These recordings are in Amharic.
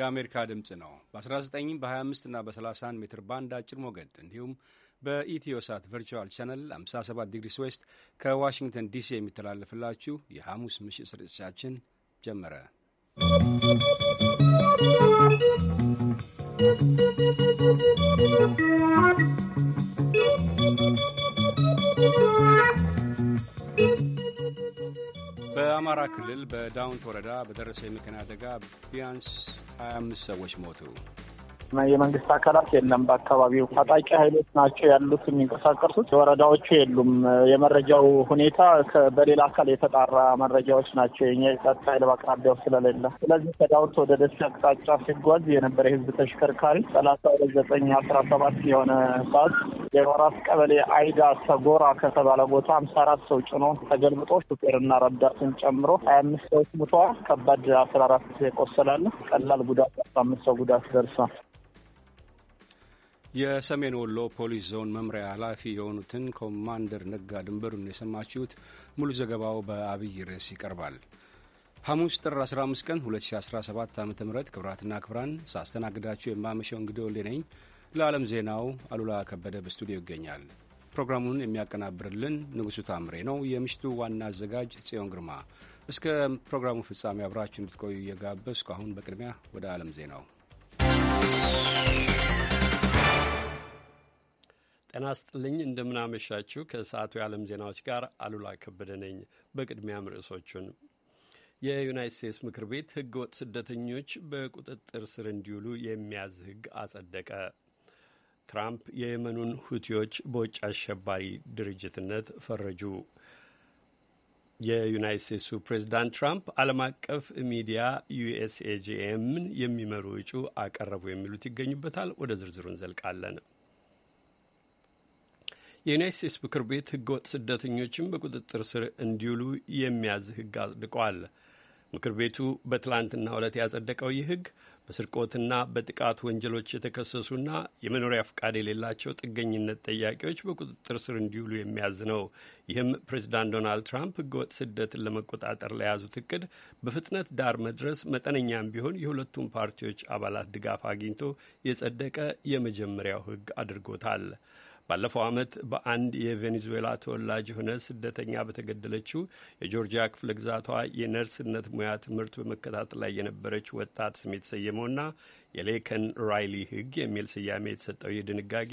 የአሜሪካ ድምፅ ነው። በ19 በ25 እና በ31 ሜትር ባንድ አጭር ሞገድ እንዲሁም በኢትዮሳት ቨርቹዋል ቻነል 57 ዲግሪ ስዌስት ከዋሽንግተን ዲሲ የሚተላለፍላችሁ የሐሙስ ምሽት ስርጭታችን ጀመረ። ¶¶ በአማራ ክልል በዳውንት ወረዳ በደረሰ የመኪና አደጋ ቢያንስ 25 ሰዎች ሞቱ። የመንግስት አካላት የለም። በአካባቢው ታጣቂ ኃይሎች ናቸው ያሉት የሚንቀሳቀሱት፣ ወረዳዎቹ የሉም። የመረጃው ሁኔታ በሌላ አካል የተጣራ መረጃዎች ናቸው። የኛ የጸጥታ ኃይል በአቅራቢያው ስለሌለ፣ ስለዚህ ከዳውት ወደ ደሴ አቅጣጫ ሲጓዝ የነበረ የህዝብ ተሽከርካሪ ሰላሳ ሁለት ዘጠኝ አስራ ሰባት የሆነ ሰዓት የወራት ቀበሌ አይዳ ሰጎራ ከተባለ ቦታ ሀምሳ አራት ሰው ጭኖ ተገልብጦ ሹፌርና ረዳትን ጨምሮ ሀያ አምስት ሰዎች ሙተዋል። ከባድ አስራ አራት ቀላል ጉዳት አስራ አምስት ሰው ጉዳት ደርሷል። የሰሜን ወሎ ፖሊስ ዞን መምሪያ ኃላፊ የሆኑትን ኮማንደር ነጋ ድንበሩን የሰማችሁት። ሙሉ ዘገባው በአብይ ርዕስ ይቀርባል። ሐሙስ ጥር 15 ቀን 2017 ዓ ም ክብራትና ክብራን ሳስተናግዳችሁ የማመሸው እንግዲህ ወልዴ ነኝ። ለዓለም ዜናው አሉላ ከበደ በስቱዲዮ ይገኛል። ፕሮግራሙን የሚያቀናብርልን ንጉሡ ታምሬ ነው። የምሽቱ ዋና አዘጋጅ ጽዮን ግርማ። እስከ ፕሮግራሙ ፍጻሜ አብራችሁ እንድትቆዩ እየጋበዝኩ አሁን በቅድሚያ ወደ ዓለም ዜናው ጤና ስጥልኝ እንደምናመሻችሁ። ከሰዓቱ የዓለም ዜናዎች ጋር አሉላ ከበደ ነኝ። በቅድሚያም ርዕሶቹን የዩናይት ስቴትስ ምክር ቤት ህገወጥ ስደተኞች በቁጥጥር ስር እንዲውሉ የሚያዝ ህግ አጸደቀ። ትራምፕ የየመኑን ሁቲዎች በውጭ አሸባሪ ድርጅትነት ፈረጁ። የዩናይት ስቴትሱ ፕሬዚዳንት ትራምፕ ዓለም አቀፍ ሚዲያ ዩኤስኤጂኤምን የሚመሩ እጩ አቀረቡ የሚሉት ይገኙበታል። ወደ ዝርዝሩ እንዘልቃለን። የዩናይት ስቴትስ ምክር ቤት ህገወጥ ስደተኞችን በቁጥጥር ስር እንዲውሉ የሚያዝ ህግ አጽድቋል። ምክር ቤቱ በትላንትና ዕለት ያጸደቀው ይህ ህግ በስርቆትና በጥቃት ወንጀሎች የተከሰሱና የመኖሪያ ፈቃድ የሌላቸው ጥገኝነት ጠያቂዎች በቁጥጥር ስር እንዲውሉ የሚያዝ ነው። ይህም ፕሬዚዳንት ዶናልድ ትራምፕ ህገወጥ ስደትን ለመቆጣጠር ለያዙት እቅድ በፍጥነት ዳር መድረስ መጠነኛም ቢሆን የሁለቱም ፓርቲዎች አባላት ድጋፍ አግኝቶ የጸደቀ የመጀመሪያው ህግ አድርጎታል። ባለፈው ዓመት በአንድ የቬኔዙዌላ ተወላጅ የሆነ ስደተኛ በተገደለችው የጆርጂያ ክፍለ ግዛቷ የነርስነት ሙያ ትምህርት በመከታተል ላይ የነበረች ወጣት ስም የተሰየመውና የሌከን ራይሊ ሕግ የሚል ስያሜ የተሰጠው ይህ ድንጋጌ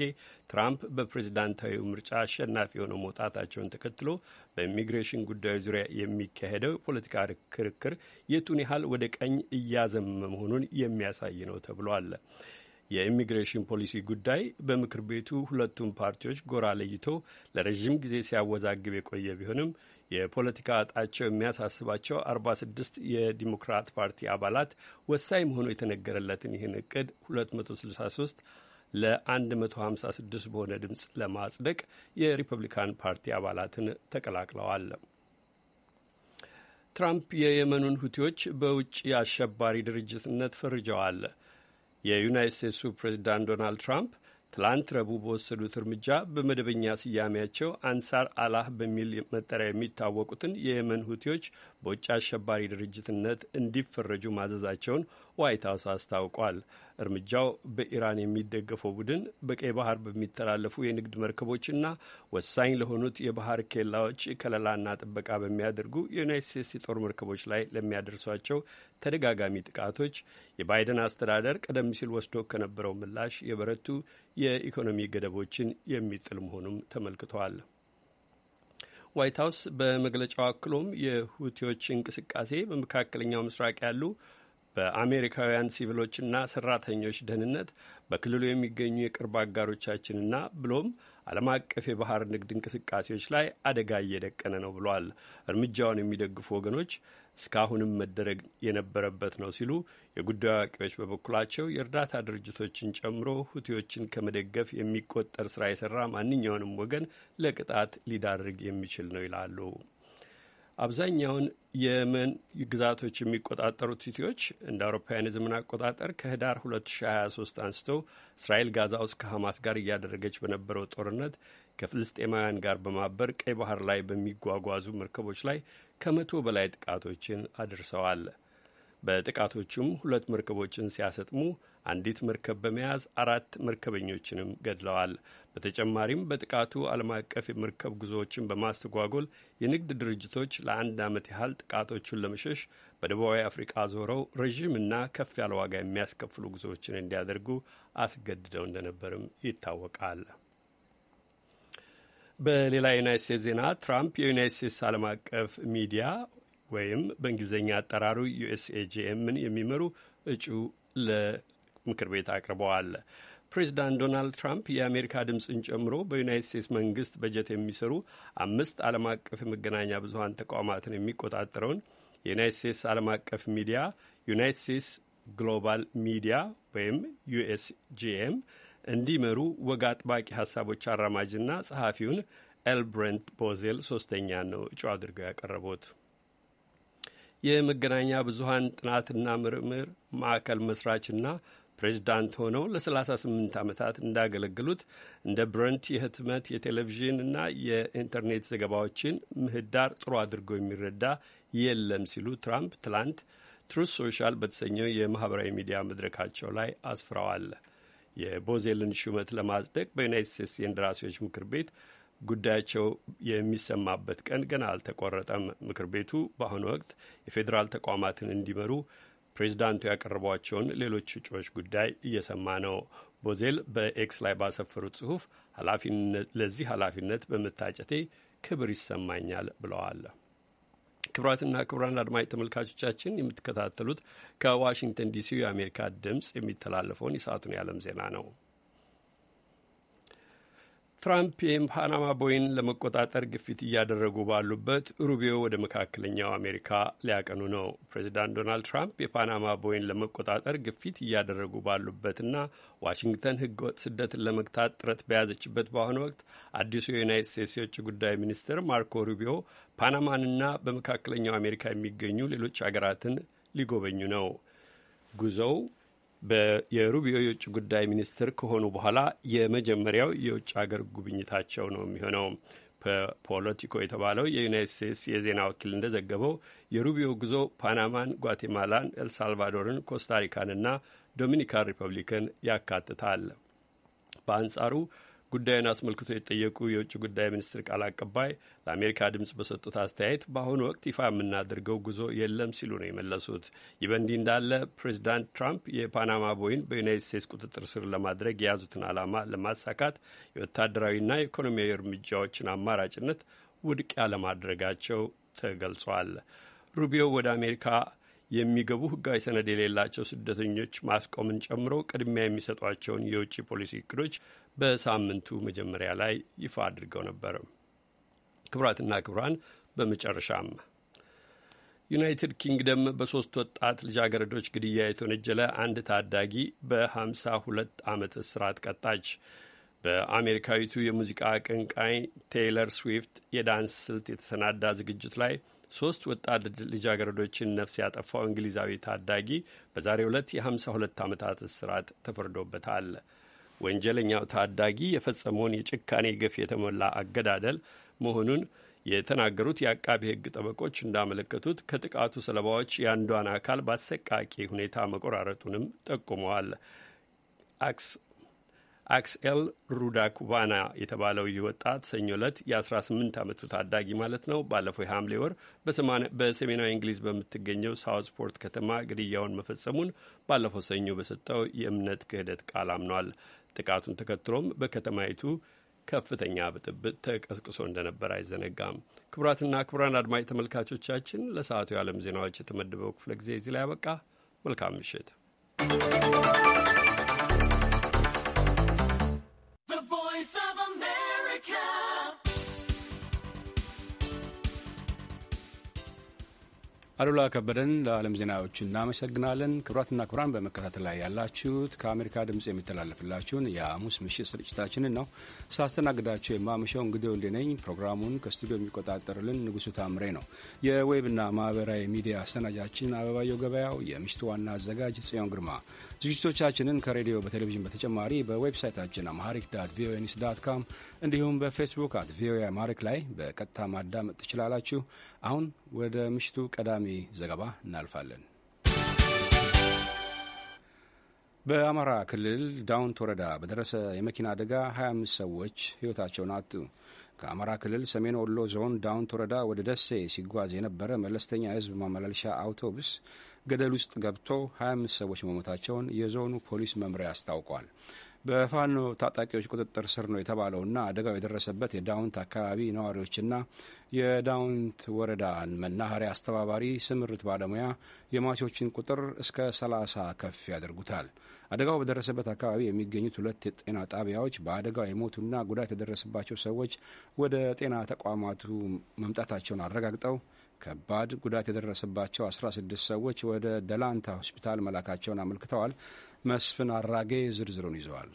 ትራምፕ በፕሬዝዳንታዊ ምርጫ አሸናፊ የሆነው መውጣታቸውን ተከትሎ በኢሚግሬሽን ጉዳዮች ዙሪያ የሚካሄደው የፖለቲካ ክርክር የቱን ያህል ወደ ቀኝ እያዘመ መሆኑን የሚያሳይ ነው ተብሎ አለ። የኢሚግሬሽን ፖሊሲ ጉዳይ በምክር ቤቱ ሁለቱም ፓርቲዎች ጎራ ለይቶ ለረዥም ጊዜ ሲያወዛግብ የቆየ ቢሆንም የፖለቲካ እጣቸው የሚያሳስባቸው አርባ ስድስት የዲሞክራት ፓርቲ አባላት ወሳኝ መሆኑ የተነገረለትን ይህን እቅድ 263 ለ156 በሆነ ድምፅ ለማጽደቅ የሪፐብሊካን ፓርቲ አባላትን ተቀላቅለዋል። ትራምፕ የየመኑን ሁቲዎች በውጭ አሸባሪ ድርጅትነት ፈርጀዋል። የዩናይት ስቴትሱ ፕሬዚዳንት ዶናልድ ትራምፕ ትላንት ረቡዕ በወሰዱት እርምጃ በመደበኛ ስያሜያቸው አንሳር አላህ በሚል መጠሪያ የሚታወቁትን የየመን ሁቲዎች በውጭ አሸባሪ ድርጅትነት እንዲፈረጁ ማዘዛቸውን ዋይት ሀውስ አስታውቋል። እርምጃው በኢራን የሚደገፈው ቡድን በቀይ ባህር በሚተላለፉ የንግድ መርከቦችና ወሳኝ ለሆኑት የባህር ኬላዎች ከለላና ጥበቃ በሚያደርጉ የዩናይት ስቴትስ የጦር መርከቦች ላይ ለሚያደርሷቸው ተደጋጋሚ ጥቃቶች የባይደን አስተዳደር ቀደም ሲል ወስዶ ከነበረው ምላሽ የበረቱ የኢኮኖሚ ገደቦችን የሚጥል መሆኑም ተመልክተዋል። ዋይት ሀውስ በመግለጫው አክሎም የሁቲዎች እንቅስቃሴ በመካከለኛው ምስራቅ ያሉ በአሜሪካውያን ሲቪሎችና ሰራተኞች ደህንነት በክልሉ የሚገኙ የቅርብ አጋሮቻችንና ብሎም ዓለም አቀፍ የባህር ንግድ እንቅስቃሴዎች ላይ አደጋ እየደቀነ ነው ብሏል። እርምጃውን የሚደግፉ ወገኖች እስካሁንም መደረግ የነበረበት ነው ሲሉ የጉዳዩ አዋቂዎች በበኩላቸው የእርዳታ ድርጅቶችን ጨምሮ ሁቲዎችን ከመደገፍ የሚቆጠር ስራ የሰራ ማንኛውንም ወገን ለቅጣት ሊዳርግ የሚችል ነው ይላሉ። አብዛኛውን የመን ግዛቶች የሚቆጣጠሩት ሁቲዎች እንደ አውሮፓውያን የዘመን አቆጣጠር ከህዳር 2023 አንስቶ እስራኤል ጋዛ ውስጥ ከሐማስ ጋር እያደረገች በነበረው ጦርነት ከፍልስጤማውያን ጋር በማበር ቀይ ባህር ላይ በሚጓጓዙ መርከቦች ላይ ከመቶ በላይ ጥቃቶችን አድርሰዋል። በጥቃቶቹም ሁለት መርከቦችን ሲያሰጥሙ አንዲት መርከብ በመያዝ አራት መርከበኞችንም ገድለዋል። በተጨማሪም በጥቃቱ ዓለም አቀፍ የመርከብ ጉዞዎችን በማስተጓጎል የንግድ ድርጅቶች ለአንድ ዓመት ያህል ጥቃቶቹን ለመሸሽ በደቡባዊ አፍሪቃ ዞረው ረዥምና ከፍ ያለ ዋጋ የሚያስከፍሉ ጉዞዎችን እንዲያደርጉ አስገድደው እንደነበርም ይታወቃል። በሌላ የዩናይት ስቴትስ ዜና ትራምፕ የዩናይት ስቴትስ ዓለም አቀፍ ሚዲያ ወይም በእንግሊዝኛ አጠራሩ ዩኤስኤጂኤምን የሚመሩ እጩ ምክር ቤት አቅርበዋል። ፕሬዚዳንት ዶናልድ ትራምፕ የአሜሪካ ድምፅን ጨምሮ በዩናይት ስቴትስ መንግስት በጀት የሚሰሩ አምስት ዓለም አቀፍ የመገናኛ ብዙሀን ተቋማትን የሚቆጣጠረውን የዩናይት ስቴትስ ዓለም አቀፍ ሚዲያ ዩናይት ስቴትስ ግሎባል ሚዲያ ወይም ዩኤስጂኤም እንዲመሩ ወግ አጥባቂ ሀሳቦች አራማጅና ጸሐፊውን ኤልብረንት ቦዜል ሶስተኛ ነው እጩ አድርገው ያቀረቡት። የመገናኛ ብዙሀን ጥናትና ምርምር ማዕከል መስራችና ፕሬዚዳንት ሆነው ለ38 ዓመታት እንዳገለግሉት እንደ ብረንት የህትመት የቴሌቪዥን እና የኢንተርኔት ዘገባዎችን ምህዳር ጥሩ አድርጎ የሚረዳ የለም ሲሉ ትራምፕ ትላንት ትሩስ ሶሻል በተሰኘው የማህበራዊ ሚዲያ መድረካቸው ላይ አስፍረዋል። የቦዜልን ሹመት ለማጽደቅ በዩናይት ስቴትስ የእንደራሴዎች ምክር ቤት ጉዳያቸው የሚሰማበት ቀን ገና አልተቆረጠም። ምክር ቤቱ በአሁኑ ወቅት የፌዴራል ተቋማትን እንዲመሩ ፕሬዚዳንቱ ያቀረቧቸውን ሌሎች እጩዎች ጉዳይ እየሰማ ነው። ቦዜል በኤክስ ላይ ባሰፈሩት ጽሁፍ ለዚህ ኃላፊነት በመታጨቴ ክብር ይሰማኛል ብለዋል። ክቡራትና ክቡራን አድማጭ ተመልካቾቻችን የምትከታተሉት ከዋሽንግተን ዲሲው የአሜሪካ ድምፅ የሚተላለፈውን የሰዓቱን የዓለም ዜና ነው። ትራምፕ የፓናማ ቦይን ለመቆጣጠር ግፊት እያደረጉ ባሉበት ሩቢዮ ወደ መካከለኛው አሜሪካ ሊያቀኑ ነው። ፕሬዚዳንት ዶናልድ ትራምፕ የፓናማ ቦይን ለመቆጣጠር ግፊት እያደረጉ ባሉበትና ዋሽንግተን ሕገወጥ ስደትን ለመግታት ጥረት በያዘችበት በአሁኑ ወቅት አዲሱ የዩናይትድ ስቴትስ የውጭ ጉዳይ ሚኒስትር ማርኮ ሩቢዮ ፓናማንና በመካከለኛው አሜሪካ የሚገኙ ሌሎች ሀገራትን ሊጎበኙ ነው ጉዞው የሩቢዮ የውጭ ጉዳይ ሚኒስትር ከሆኑ በኋላ የመጀመሪያው የውጭ ሀገር ጉብኝታቸው ነው የሚሆነው። ፖለቲኮ የተባለው የዩናይት ስቴትስ የዜና ወኪል እንደዘገበው የሩቢዮ ጉዞ ፓናማን፣ ጓቴማላን፣ ኤልሳልቫዶርን፣ ኮስታሪካንና ዶሚኒካን ሪፐብሊክን ያካትታል። በአንጻሩ ጉዳዩን አስመልክቶ የጠየቁ የውጭ ጉዳይ ሚኒስትር ቃል አቀባይ ለአሜሪካ ድምፅ በሰጡት አስተያየት በአሁኑ ወቅት ይፋ የምናደርገው ጉዞ የለም ሲሉ ነው የመለሱት። ይህ በእንዲህ እንዳለ ፕሬዚዳንት ትራምፕ የፓናማ ቦይን በዩናይት ስቴትስ ቁጥጥር ስር ለማድረግ የያዙትን ዓላማ ለማሳካት የወታደራዊና የኢኮኖሚያዊ እርምጃዎችን አማራጭነት ውድቅ ያለማድረጋቸው ተገልጿል። ሩቢዮ ወደ አሜሪካ የሚገቡ ህጋዊ ሰነድ የሌላቸው ስደተኞች ማስቆምን ጨምሮ ቅድሚያ የሚሰጧቸውን የውጭ ፖሊሲ እቅዶች በሳምንቱ መጀመሪያ ላይ ይፋ አድርገው ነበር። ክቡራትና ክቡራን፣ በመጨረሻም ዩናይትድ ኪንግደም በሶስት ወጣት ልጃገረዶች ግድያ የተወነጀለ አንድ ታዳጊ በሀምሳ ሁለት ዓመት እስራት ቀጣች። በአሜሪካዊቱ የሙዚቃ አቀንቃኝ ቴይለር ስዊፍት የዳንስ ስልት የተሰናዳ ዝግጅት ላይ ሶስት ወጣት ልጃገረዶችን ነፍስ ያጠፋው እንግሊዛዊ ታዳጊ በዛሬው ዕለት የ52 ዓመታት እስራት ተፈርዶበታል። ወንጀለኛው ታዳጊ የፈጸመውን የጭካኔ ግፍ የተሞላ አገዳደል መሆኑን የተናገሩት የአቃቢ ሕግ ጠበቆች እንዳመለከቱት ከጥቃቱ ሰለባዎች የአንዷን አካል በአሰቃቂ ሁኔታ መቆራረጡንም ጠቁመዋል። አክስ አክስኤል ሩዳኩቫና የተባለው ይህ ወጣት ሰኞ ዕለት የ18 ዓመቱ ታዳጊ ማለት ነው ባለፈው የሐምሌ ወር በሰሜናዊ እንግሊዝ በምትገኘው ሳውዝፖርት ከተማ ግድያውን መፈጸሙን ባለፈው ሰኞ በሰጠው የእምነት ክህደት ቃል አምኗል። ጥቃቱን ተከትሎም በከተማይቱ ከፍተኛ ብጥብጥ ተቀስቅሶ እንደነበር አይዘነጋም። ክቡራትና ክቡራን አድማጭ ተመልካቾቻችን ለሰዓቱ የዓለም ዜናዎች የተመደበው ክፍለ ጊዜ እዚህ ላይ ያበቃ። መልካም ምሽት። አሉላ ከበደን ለዓለም ዜናዎች እናመሰግናለን። ክብራትና ክብራን በመከታተል ላይ ያላችሁት ከአሜሪካ ድምፅ የሚተላለፍላችሁን የሐሙስ ምሽት ስርጭታችንን ነው። ሳስተናግዳቸው የማመሻው እንግዲህ ወልዴነኝ። ፕሮግራሙን ከስቱዲዮ የሚቆጣጠርልን ንጉሱ ታምሬ ነው። የዌብና ማህበራዊ ሚዲያ አሰናጃችን አበባየው ገበያው፣ የምሽቱ ዋና አዘጋጅ ጽዮን ግርማ ዝግጅቶቻችንን ከሬዲዮ በቴሌቪዥን በተጨማሪ በዌብሳይታችን አማሪክ ዳት ቪኦኤ ኒውስ ዳት ካም እንዲሁም በፌስቡክ አት ቪኦኤ አማሪክ ላይ በቀጥታ ማዳመጥ ትችላላችሁ። አሁን ወደ ምሽቱ ቀዳሚ ዘገባ እናልፋለን። በአማራ ክልል ዳውንት ወረዳ በደረሰ የመኪና አደጋ 25 ሰዎች ሕይወታቸውን አጡ። ከአማራ ክልል ሰሜን ወሎ ዞን ዳውንት ወረዳ ወደ ደሴ ሲጓዝ የነበረ መለስተኛ የህዝብ ማመላለሻ አውቶቡስ ገደል ውስጥ ገብቶ 25 ሰዎች መሞታቸውን የዞኑ ፖሊስ መምሪያ አስታውቋል። በፋኖ ታጣቂዎች ቁጥጥር ስር ነው የተባለውና አደጋው የደረሰበት የዳውንት አካባቢ ነዋሪዎችና የዳውንት ወረዳ መናኸሪያ አስተባባሪ ስምርት ባለሙያ የሟቾችን ቁጥር እስከ 30 ከፍ ያደርጉታል። አደጋው በደረሰበት አካባቢ የሚገኙት ሁለት የጤና ጣቢያዎች በአደጋው የሞቱና ጉዳት የደረሰባቸው ሰዎች ወደ ጤና ተቋማቱ መምጣታቸውን አረጋግጠው ከባድ ጉዳት የደረሰባቸው 16 ሰዎች ወደ ደላንታ ሆስፒታል መላካቸውን አመልክተዋል። መስፍን አራጌ ዝርዝሩን ይዘዋል።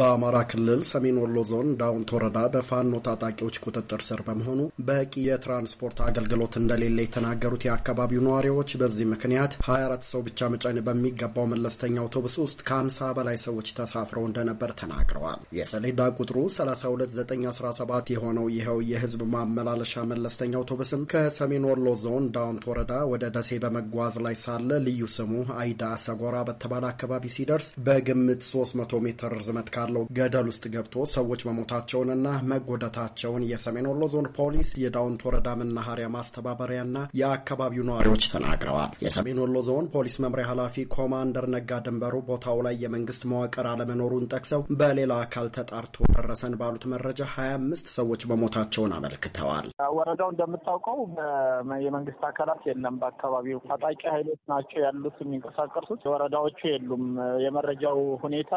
በአማራ ክልል ሰሜን ወሎ ዞን ዳውንት ወረዳ በፋኖ ታጣቂዎች ቁጥጥር ስር በመሆኑ በቂ የትራንስፖርት አገልግሎት እንደሌለ የተናገሩት የአካባቢው ነዋሪዎች በዚህ ምክንያት 24 ሰው ብቻ መጫን በሚገባው መለስተኛ አውቶቡስ ውስጥ ከ50 በላይ ሰዎች ተሳፍረው እንደነበር ተናግረዋል። የሰሌዳ ቁጥሩ 32917 የሆነው ይኸው የህዝብ ማመላለሻ መለስተኛ አውቶቡስም ከሰሜን ወሎ ዞን ዳውንት ወረዳ ወደ ደሴ በመጓዝ ላይ ሳለ ልዩ ስሙ አይዳ ሰጎራ በተባለ አካባቢ ሲደርስ በግምት 300 ሜትር ርዝመት ካለው ገደል ውስጥ ገብቶ ሰዎች መሞታቸውንና መጎዳታቸውን የሰሜን ወሎ ዞን ፖሊስ፣ የዳውንት ወረዳ መናኸሪያ ማስተባበሪያና የአካባቢው ነዋሪዎች ተናግረዋል። የሰሜን ወሎ ዞን ፖሊስ መምሪያ ኃላፊ ኮማንደር ነጋ ድንበሩ ቦታው ላይ የመንግስት መዋቅር አለመኖሩን ጠቅሰው በሌላ አካል ተጣርቶ ደረሰን ባሉት መረጃ ሀያ አምስት ሰዎች መሞታቸውን አመልክተዋል። ወረዳው እንደምታውቀው የመንግስት አካላት የለም። በአካባቢው ታጣቂ ኃይሎች ናቸው ያሉት የሚንቀሳቀሱት፣ ወረዳዎቹ የሉም። የመረጃው ሁኔታ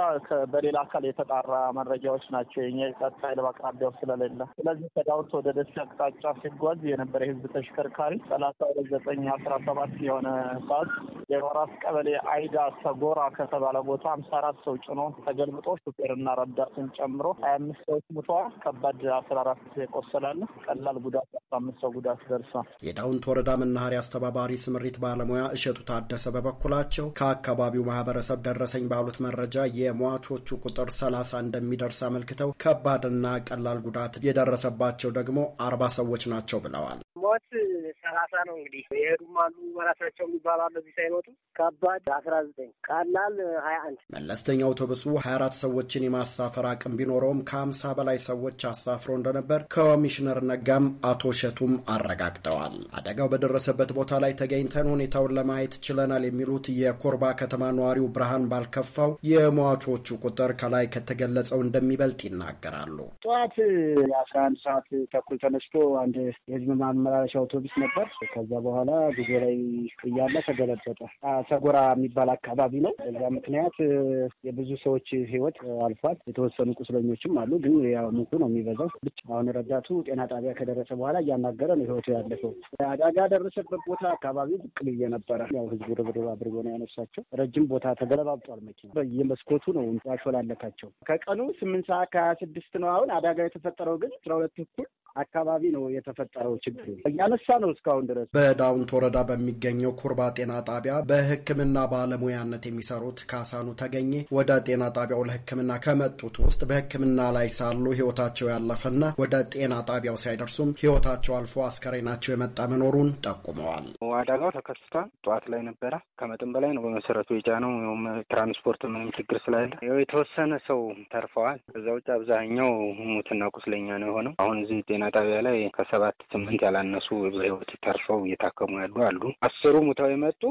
በሌላ አካል የተጣራ መረጃዎች ናቸው። የኛ የጸጥታ ኃይል በአቅራቢያው ስለሌለ፣ ስለዚህ ከዳውት ወደ ደሴ አቅጣጫ ሲጓዝ የነበረ የህዝብ ተሽከርካሪ ሰላሳ ሁለት ዘጠኝ አስራ ሰባት የሆነ ሰዓት የራስ ቀበሌ አይዳ ሰጎራ ከተባለ ቦታ ሀምሳ አራት ሰው ጭኖ ተገልብጦ ሹፌርና ረዳትን ጨምሮ ሀያ አምስት ሰዎች ሙተዋል። ከባድ አስራ አራት የቆሰላለ ቀላል ጉዳት አስራ አምስት ሰው ጉዳት ደርሷል። የዳውንት ወረዳ መናኸሪያ አስተባባሪ ስምሪት ባለሙያ እሸቱ ታደሰ በበኩላቸው ከአካባቢው ማህበረሰብ ደረሰኝ ባሉት መረጃ የሟቾቹ ቁጥር ሰላሳ እንደሚደርስ አመልክተው ከባድና ቀላል ጉዳት የደረሰባቸው ደግሞ አርባ ሰዎች ናቸው ብለዋል። ሞት ሰላሳ ነው እንግዲህ የሄዱም አሉ በራሳቸው የሚባሉ እዚህ ሳይሞቱ ከባድ አስራ ዘጠኝ ቀላል ሀያ አንድ መለስተኛ አውቶቡሱ ሀያ አራት ሰዎችን የማሳፈር አቅም ቢኖረውም ከሀምሳ በላይ ሰዎች አሳፍሮ እንደነበር ከኮሚሽነር ነጋም አቶ ሸቱም አረጋግጠዋል። አደጋው በደረሰበት ቦታ ላይ ተገኝተን ሁኔታውን ለማየት ችለናል የሚሉት የኮርባ ከተማ ነዋሪው ብርሃን ባልከፋው የሟቾቹ ቁጥር ከላይ ከተገለጸው እንደሚበልጥ ይናገራሉ። ጠዋት አስራ አንድ ሰዓት ተኩል ተነስቶ አንድ የህዝብ ማመላለሻ አውቶቡስ ነበር። ከዛ በኋላ ጉዞ ላይ እያለ ተገለበጠ። ሰጎራ የሚባል አካባቢ ነው። በዛ ምክንያት የብዙ ሰዎች ህይወት አልፏል። የተወሰኑ ቁስለኞችም አሉ። ግን ያው ሞቱ ነው የሚበዛው። ብቻ አሁን ረዳቱ ጤና ጣቢያ ከደረሰ በኋላ እያናገረ ነው ህይወቱ ያለፈው። አደጋ ደረሰበት ቦታ አካባቢው ብቅ ብዬ ነበረ። ያው ህዝቡ ርብርብ አድርጎ ነው ያነሳቸው። ረጅም ቦታ ተገለባብጧል መኪና። በየመስኮቱ ነው ያሾላለካቸው ናቸው። ከቀኑ ስምንት ሰዓት ከሀያ ስድስት ነው። አሁን አደጋ የተፈጠረው ግን አስራ ሁለት እኩል አካባቢ ነው የተፈጠረው ችግር እያነሳ ነው እስካሁን ድረስ። በዳውንት ወረዳ በሚገኘው ኩርባ ጤና ጣቢያ በሕክምና ባለሙያነት የሚሰሩት ካሳኑ ተገኘ ወደ ጤና ጣቢያው ለሕክምና ከመጡት ውስጥ በሕክምና ላይ ሳሉ ሕይወታቸው ያለፈና ወደ ጤና ጣቢያው ሳይደርሱም ሕይወታቸው አልፎ አስከሬናቸው የመጣ መኖሩን ጠቁመዋል። አደጋው ተከስቷል። ጠዋት ላይ ነበረ። ከመጠን በላይ ነው በመሰረቱ ነው። ትራንስፖርት ምንም ችግር ስላለ የተወሰነ ሰው ተርፈዋል። ከዛ ውጭ አብዛኛው ሙትና ቁስለኛ ነው የሆነው። አሁን እዚህ ጤና ጣቢያ ላይ ከሰባት ስምንት ያላነሱ በህይወት ተርፈው እየታከሙ ያሉ አሉ። አስሩ ሙተው የመጡ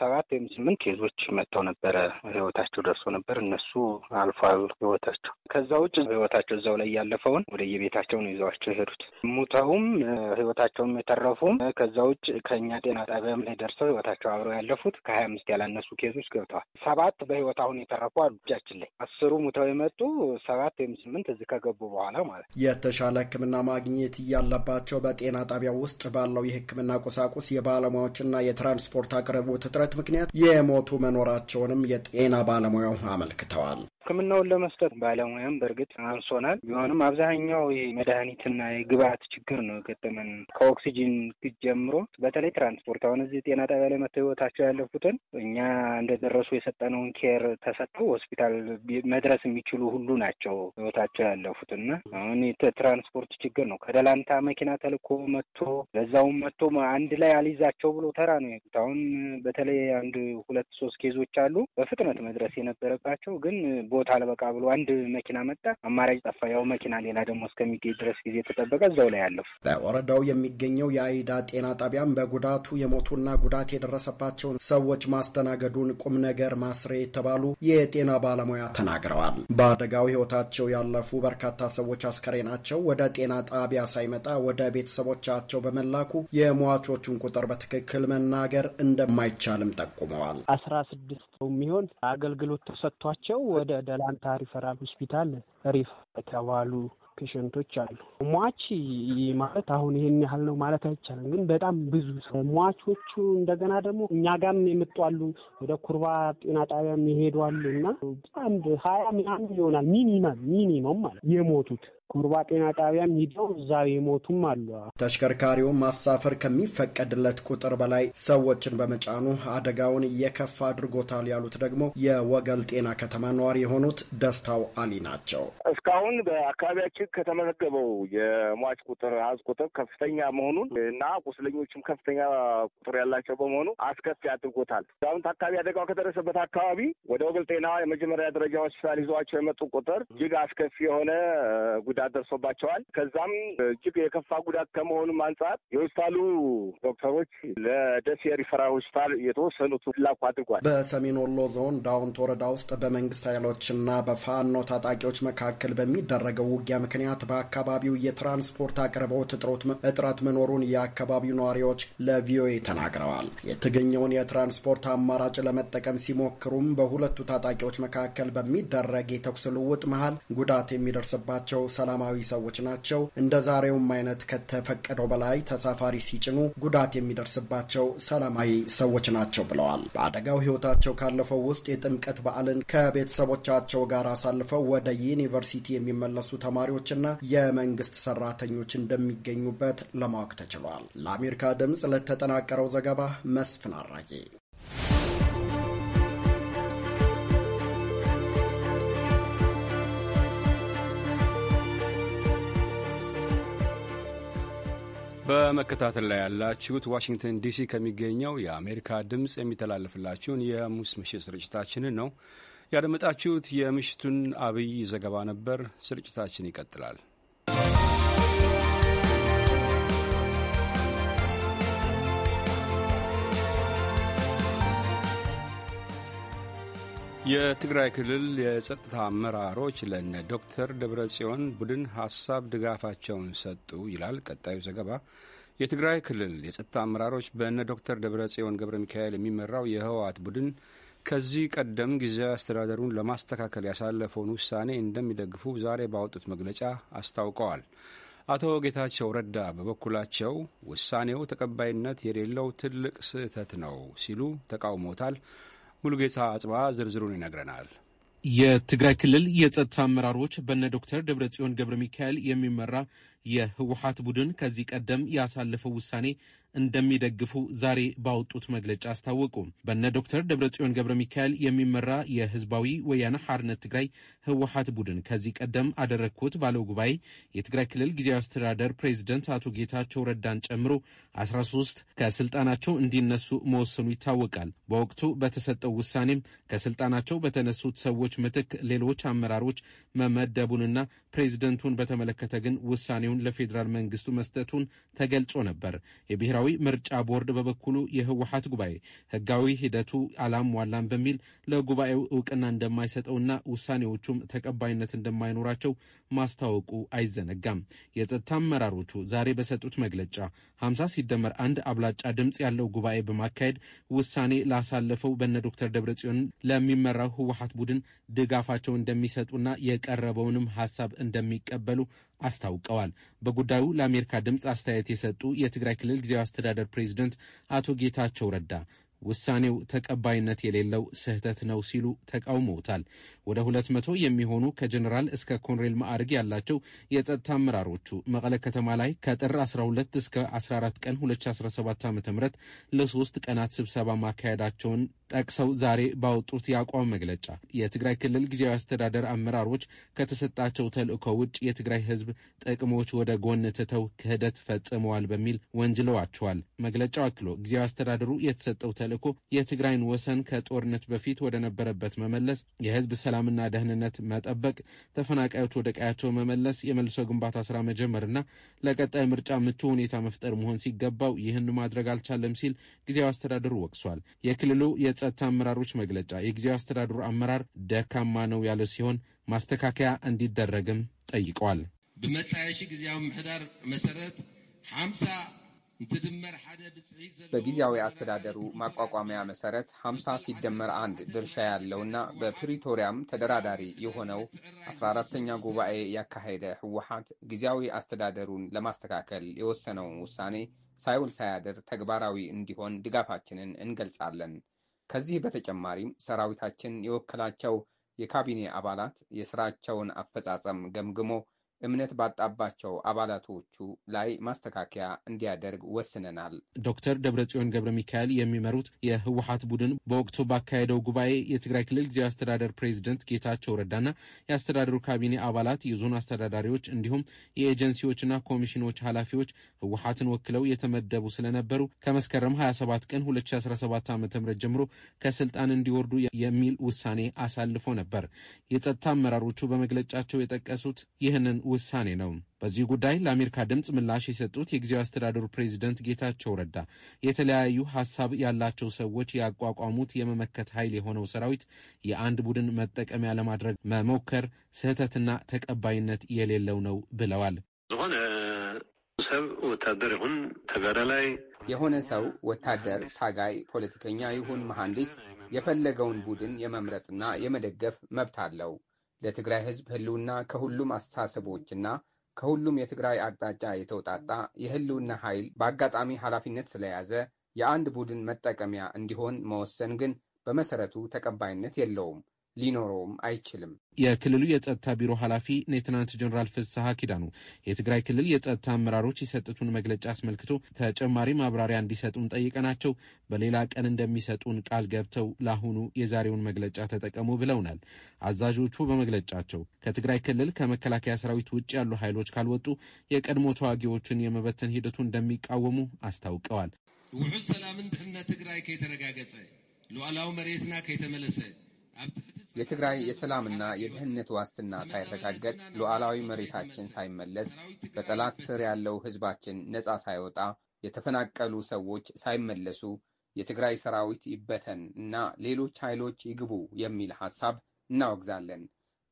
ሰባት ወይም ስምንት ኬዞች መጥተው ነበረ። ህይወታቸው ደርሶ ነበር። እነሱ አልፏል ህይወታቸው። ከዛ ውጭ ህይወታቸው እዛው ላይ ያለፈውን የቤታቸው ነው ይዘዋቸው የሄዱት። ሙተውም ህይወታቸውም የተረፉም ከዛ ውጭ ከእኛ ጤና ጣቢያም ላይ ደርሰው ህይወታቸው አብረው ያለፉት ከሀያ አምስት ያላነሱ ኬዞች ገብተዋል። ሰባት በህይወት አሁን የተረፉ አሉ እጃችን ላይ። አስሩ ሙተው የመጡ ሰባት ወይም ስምንት እዚህ ከገቡ በኋላ ማለት የተሻለ ህክምና ማግኘት ማግኘት እያለባቸው በጤና ጣቢያ ውስጥ ባለው የሕክምና ቁሳቁስ የባለሙያዎችና የትራንስፖርት አቅርቦት እጥረት ምክንያት የሞቱ መኖራቸውንም የጤና ባለሙያው አመልክተዋል። ሕክምናውን ለመስጠት ባለሙያም በእርግጥ አንሶናል። ቢሆንም አብዛኛው የመድኃኒትና የግብአት ችግር ነው የገጠመን። ከኦክሲጂን ጀምሮ በተለይ ትራንስፖርት፣ አሁን እዚህ ጤና ጣቢያ ላይ መተው ህይወታቸው ያለፉትን እኛ እንደደረሱ የሰጠነውን ኬር ተሰጥተው ሆስፒታል መድረስ የሚችሉ ሁሉ ናቸው ህይወታቸው ያለፉት እና አሁን የትራንስፖርት ችግር ነው። ከደላንታ መኪና ተልኮ መጥቶ በዛውም መጥቶ አንድ ላይ አልይዛቸው ብሎ ተራ ነው የሄዱት። አሁን በተለይ አንድ ሁለት ሶስት ኬዞች አሉ በፍጥነት መድረስ የነበረባቸው ግን ቦታ አልበቃ ብሎ አንድ መኪና መጣ፣ አማራጭ ጠፋ። ያው መኪና ሌላ ደግሞ እስከሚገኝ ድረስ ጊዜ ተጠበቀ። እዛው ላይ ያለፉ በወረዳው የሚገኘው የአይዳ ጤና ጣቢያም በጉዳቱ የሞቱና ጉዳት የደረሰባቸውን ሰዎች ማስተናገዱን ቁም ነገር ማስሬ የተባሉ የጤና ባለሙያ ተናግረዋል። በአደጋው ህይወታቸው ያለፉ በርካታ ሰዎች አስከሬናቸው ወደ ጤና ጣቢያ ሳይመጣ ወደ ቤተሰቦቻቸው በመላኩ የሟቾቹን ቁጥር በትክክል መናገር እንደማይቻልም ጠቁመዋል። አስራ ስድስት የሚሆን አገልግሎት ተሰጥቷቸው ወደ በደላንታ ሪፈራል ሆስፒታል ሪፍ የተባሉ ፔሸንቶች አሉ። ሟች ማለት አሁን ይሄን ያህል ነው ማለት አይቻልም፣ ግን በጣም ብዙ ሰው ሟቾቹ እንደገና ደግሞ እኛ ጋም የምጧሉ ወደ ኩርባ ጤና ጣቢያም ይሄዷሉ እና አንድ ሀያ ምናምን ይሆናል ሚኒመም ሚኒመም ማለት የሞቱት ኩርባ ጤና ጣቢያም ሂደው እዛ የሞቱም አሉ። ተሽከርካሪው ማሳፈር ከሚፈቀድለት ቁጥር በላይ ሰዎችን በመጫኑ አደጋውን እየከፋ አድርጎታል ያሉት ደግሞ የወገል ጤና ከተማ ነዋሪ የሆኑት ደስታው አሊ ናቸው። እስካሁን በአካባቢያችን እጅግ ከተመዘገበው የሟች ቁጥር አዝ ቁጥር ከፍተኛ መሆኑን እና ቁስለኞችም ከፍተኛ ቁጥር ያላቸው በመሆኑ አስከፊ አድርጎታል። ዳውንት አካባቢ አደጋው ከደረሰበት አካባቢ ወደ ወግል ጤና የመጀመሪያ ደረጃ ሆስፒታል ይዘዋቸው የመጡ ቁጥር እጅግ አስከፊ የሆነ ጉዳት ደርሶባቸዋል። ከዛም እጅግ የከፋ ጉዳት ከመሆኑም አንጻር የሆስፒታሉ ዶክተሮች ለደሴ ሪፈራል ሆስፒታል የተወሰኑት ላኩ አድርጓል። በሰሜን ወሎ ዞን ዳውንት ወረዳ ውስጥ በመንግስት ኃይሎችና በፋኖ ታጣቂዎች መካከል በሚደረገው ውጊያ ምክንያት በአካባቢው የትራንስፖርት አቅርቦት እጥረት መኖሩን የአካባቢው ነዋሪዎች ለቪኦኤ ተናግረዋል። የተገኘውን የትራንስፖርት አማራጭ ለመጠቀም ሲሞክሩም በሁለቱ ታጣቂዎች መካከል በሚደረግ የተኩስ ልውውጥ መሃል ጉዳት የሚደርስባቸው ሰላማዊ ሰዎች ናቸው። እንደ ዛሬውም አይነት ከተፈቀደው በላይ ተሳፋሪ ሲጭኑ ጉዳት የሚደርስባቸው ሰላማዊ ሰዎች ናቸው ብለዋል። በአደጋው ሕይወታቸው ካለፈው ውስጥ የጥምቀት በዓልን ከቤተሰቦቻቸው ጋር አሳልፈው ወደ ዩኒቨርሲቲ የሚመለሱ ተማሪዎች አመራሮችና የመንግስት ሰራተኞች እንደሚገኙበት ለማወቅ ተችሏል። ለአሜሪካ ድምፅ ለተጠናቀረው ዘገባ መስፍን አራጌ። በመከታተል ላይ ያላችሁት ዋሽንግተን ዲሲ ከሚገኘው የአሜሪካ ድምፅ የሚተላለፍላችሁን የሙስ ምሽት ስርጭታችንን ነው። ያደመጣችሁት የምሽቱን አብይ ዘገባ ነበር። ስርጭታችን ይቀጥላል። የትግራይ ክልል የጸጥታ አመራሮች ለነ ዶክተር ደብረጽዮን ቡድን ሀሳብ ድጋፋቸውን ሰጡ ይላል ቀጣዩ ዘገባ። የትግራይ ክልል የጸጥታ አመራሮች በነ ዶክተር ደብረጽዮን ገብረ ሚካኤል የሚመራው የህወሓት ቡድን ከዚህ ቀደም ጊዜያዊ አስተዳደሩን ለማስተካከል ያሳለፈውን ውሳኔ እንደሚደግፉ ዛሬ ባወጡት መግለጫ አስታውቀዋል። አቶ ጌታቸው ረዳ በበኩላቸው ውሳኔው ተቀባይነት የሌለው ትልቅ ስህተት ነው ሲሉ ተቃውሞታል። ሙሉጌታ አጽባ ዝርዝሩን ይነግረናል። የትግራይ ክልል የጸጥታ አመራሮች በነ ዶክተር ደብረጽዮን ገብረ ሚካኤል የሚመራ የህወሀት ቡድን ከዚህ ቀደም ያሳለፈው ውሳኔ እንደሚደግፉ ዛሬ ባወጡት መግለጫ አስታወቁ። በነ ዶክተር ደብረጽዮን ገብረ ሚካኤል የሚመራ የህዝባዊ ወያነ ሐርነት ትግራይ ህወሀት ቡድን ከዚህ ቀደም አደረግኩት ባለው ጉባኤ የትግራይ ክልል ጊዜያዊ አስተዳደር ፕሬዚደንት አቶ ጌታቸው ረዳን ጨምሮ 13 ከስልጣናቸው እንዲነሱ መወሰኑ ይታወቃል። በወቅቱ በተሰጠው ውሳኔም ከስልጣናቸው በተነሱት ሰዎች ምትክ ሌሎች አመራሮች መመደቡንና ፕሬዚደንቱን በተመለከተ ግን ውሳኔውን ለፌዴራል መንግስቱ መስጠቱን ተገልጾ ነበር። የብሔራ ብሔራዊ ምርጫ ቦርድ በበኩሉ የህወሀት ጉባኤ ህጋዊ ሂደቱ አላሟላም በሚል ለጉባኤው እውቅና እንደማይሰጠውና ውሳኔዎቹም ተቀባይነት እንደማይኖራቸው ማስታወቁ አይዘነጋም። የጸጥታ አመራሮቹ ዛሬ በሰጡት መግለጫ 50 ሲደመር አንድ አብላጫ ድምፅ ያለው ጉባኤ በማካሄድ ውሳኔ ላሳለፈው በነ ዶክተር ደብረጽዮን ለሚመራው ህወሀት ቡድን ድጋፋቸው እንደሚሰጡና የቀረበውንም ሀሳብ እንደሚቀበሉ አስታውቀዋል። በጉዳዩ ለአሜሪካ ድምፅ አስተያየት የሰጡ የትግራይ ክልል ጊዜያዊ አስተዳደር ፕሬዚደንት አቶ ጌታቸው ረዳ ውሳኔው ተቀባይነት የሌለው ስህተት ነው ሲሉ ተቃውመውታል። ወደ ሁለት መቶ የሚሆኑ ከጀኔራል እስከ ኮንሬል ማዕረግ ያላቸው የጸጥታ አመራሮቹ መቀለ ከተማ ላይ ከጥር 12 እስከ 14 ቀን 2017 ዓ ም ለሶስት ቀናት ስብሰባ ማካሄዳቸውን ጠቅሰው ዛሬ ባወጡት የአቋም መግለጫ የትግራይ ክልል ጊዜያዊ አስተዳደር አመራሮች ከተሰጣቸው ተልእኮ ውጭ የትግራይ ሕዝብ ጥቅሞች ወደ ጎን ትተው ክህደት ፈጽመዋል በሚል ወንጅለዋቸዋል። መግለጫው አክሎ ጊዜያዊ አስተዳደሩ የተሰጠው ተልእኮ የትግራይን ወሰን ከጦርነት በፊት ወደ ነበረበት መመለስ፣ የህዝብ ሰላምና ደህንነት መጠበቅ፣ ተፈናቃዮች ወደ ቀያቸው መመለስ፣ የመልሶ ግንባታ ስራ መጀመርና ለቀጣይ ምርጫ ምቹ ሁኔታ መፍጠር መሆን ሲገባው ይህን ማድረግ አልቻለም ሲል ጊዜያዊ አስተዳደሩ ወቅሷል። የክልሉ የጸጥታ አመራሮች መግለጫ የጊዜያዊ አስተዳደሩ አመራር ደካማ ነው ያለ ሲሆን ማስተካከያ እንዲደረግም ጠይቀዋል። ብመጣየሺ ጊዜያዊ ምሕዳር መሰረት ሓምሳ በጊዜያዊ አስተዳደሩ ማቋቋሚያ መሰረት 50 ሲደመር አንድ ድርሻ ያለውና በፕሪቶሪያም ተደራዳሪ የሆነው 14ተኛ ጉባኤ ያካሄደ ህወሀት ጊዜያዊ አስተዳደሩን ለማስተካከል የወሰነውን ውሳኔ ሳይውል ሳያድር ተግባራዊ እንዲሆን ድጋፋችንን እንገልጻለን። ከዚህ በተጨማሪም ሰራዊታችን የወከላቸው የካቢኔ አባላት የስራቸውን አፈጻጸም ገምግሞ እምነት ባጣባቸው አባላቶቹ ላይ ማስተካከያ እንዲያደርግ ወስነናል። ዶክተር ደብረጽዮን ገብረ ሚካኤል የሚመሩት የህወሀት ቡድን በወቅቱ ባካሄደው ጉባኤ የትግራይ ክልል ጊዜያዊ አስተዳደር ፕሬዚደንት ጌታቸው ረዳና የአስተዳደሩ ካቢኔ አባላት፣ የዞን አስተዳዳሪዎች እንዲሁም የኤጀንሲዎችና ኮሚሽኖች ኃላፊዎች ህወሀትን ወክለው የተመደቡ ስለነበሩ ከመስከረም 27 ቀን 2017 ዓ ም ጀምሮ ከስልጣን እንዲወርዱ የሚል ውሳኔ አሳልፎ ነበር። የጸጥታ አመራሮቹ በመግለጫቸው የጠቀሱት ይህንን ውሳኔ ነው። በዚህ ጉዳይ ለአሜሪካ ድምፅ ምላሽ የሰጡት የጊዜው አስተዳደሩ ፕሬዚደንት ጌታቸው ረዳ የተለያዩ ሀሳብ ያላቸው ሰዎች ያቋቋሙት የመመከት ኃይል የሆነው ሰራዊት የአንድ ቡድን መጠቀሚያ ለማድረግ መሞከር ስህተትና ተቀባይነት የሌለው ነው ብለዋል። ዝኾነ ሰብ ወታደር ይሁን ተጋዳላይ የሆነ ሰው ወታደር፣ ታጋይ፣ ፖለቲከኛ ይሁን መሐንዲስ የፈለገውን ቡድን የመምረጥና የመደገፍ መብት አለው። ለትግራይ ህዝብ ህልውና ከሁሉም አስተሳሰቦችና ከሁሉም የትግራይ አቅጣጫ የተውጣጣ የህልውና ኃይል በአጋጣሚ ኃላፊነት ስለያዘ የአንድ ቡድን መጠቀሚያ እንዲሆን መወሰን ግን በመሰረቱ ተቀባይነት የለውም። ሊኖረውም አይችልም። የክልሉ የጸጥታ ቢሮ ኃላፊ ሌተናንት ጀኔራል ፍስሐ ኪዳኑ የትግራይ ክልል የጸጥታ አመራሮች የሰጡትን መግለጫ አስመልክቶ ተጨማሪ ማብራሪያ እንዲሰጡን ጠይቀናቸው በሌላ ቀን እንደሚሰጡን ቃል ገብተው ለአሁኑ የዛሬውን መግለጫ ተጠቀሙ ብለውናል። አዛዦቹ በመግለጫቸው ከትግራይ ክልል ከመከላከያ ሰራዊት ውጭ ያሉ ኃይሎች ካልወጡ የቀድሞ ተዋጊዎችን የመበተን ሂደቱ እንደሚቃወሙ አስታውቀዋል። ውህድ ሰላምን ድህነት ትግራይ ከየተረጋገጸ ሉዓላዊ መሬትና ከየተመለሰ የትግራይ የሰላምና የደህንነት ዋስትና ሳይረጋገጥ ሉዓላዊ መሬታችን ሳይመለስ በጠላት ስር ያለው ህዝባችን ነፃ ሳይወጣ የተፈናቀሉ ሰዎች ሳይመለሱ የትግራይ ሰራዊት ይበተን እና ሌሎች ኃይሎች ይግቡ የሚል ሐሳብ እናወግዛለን።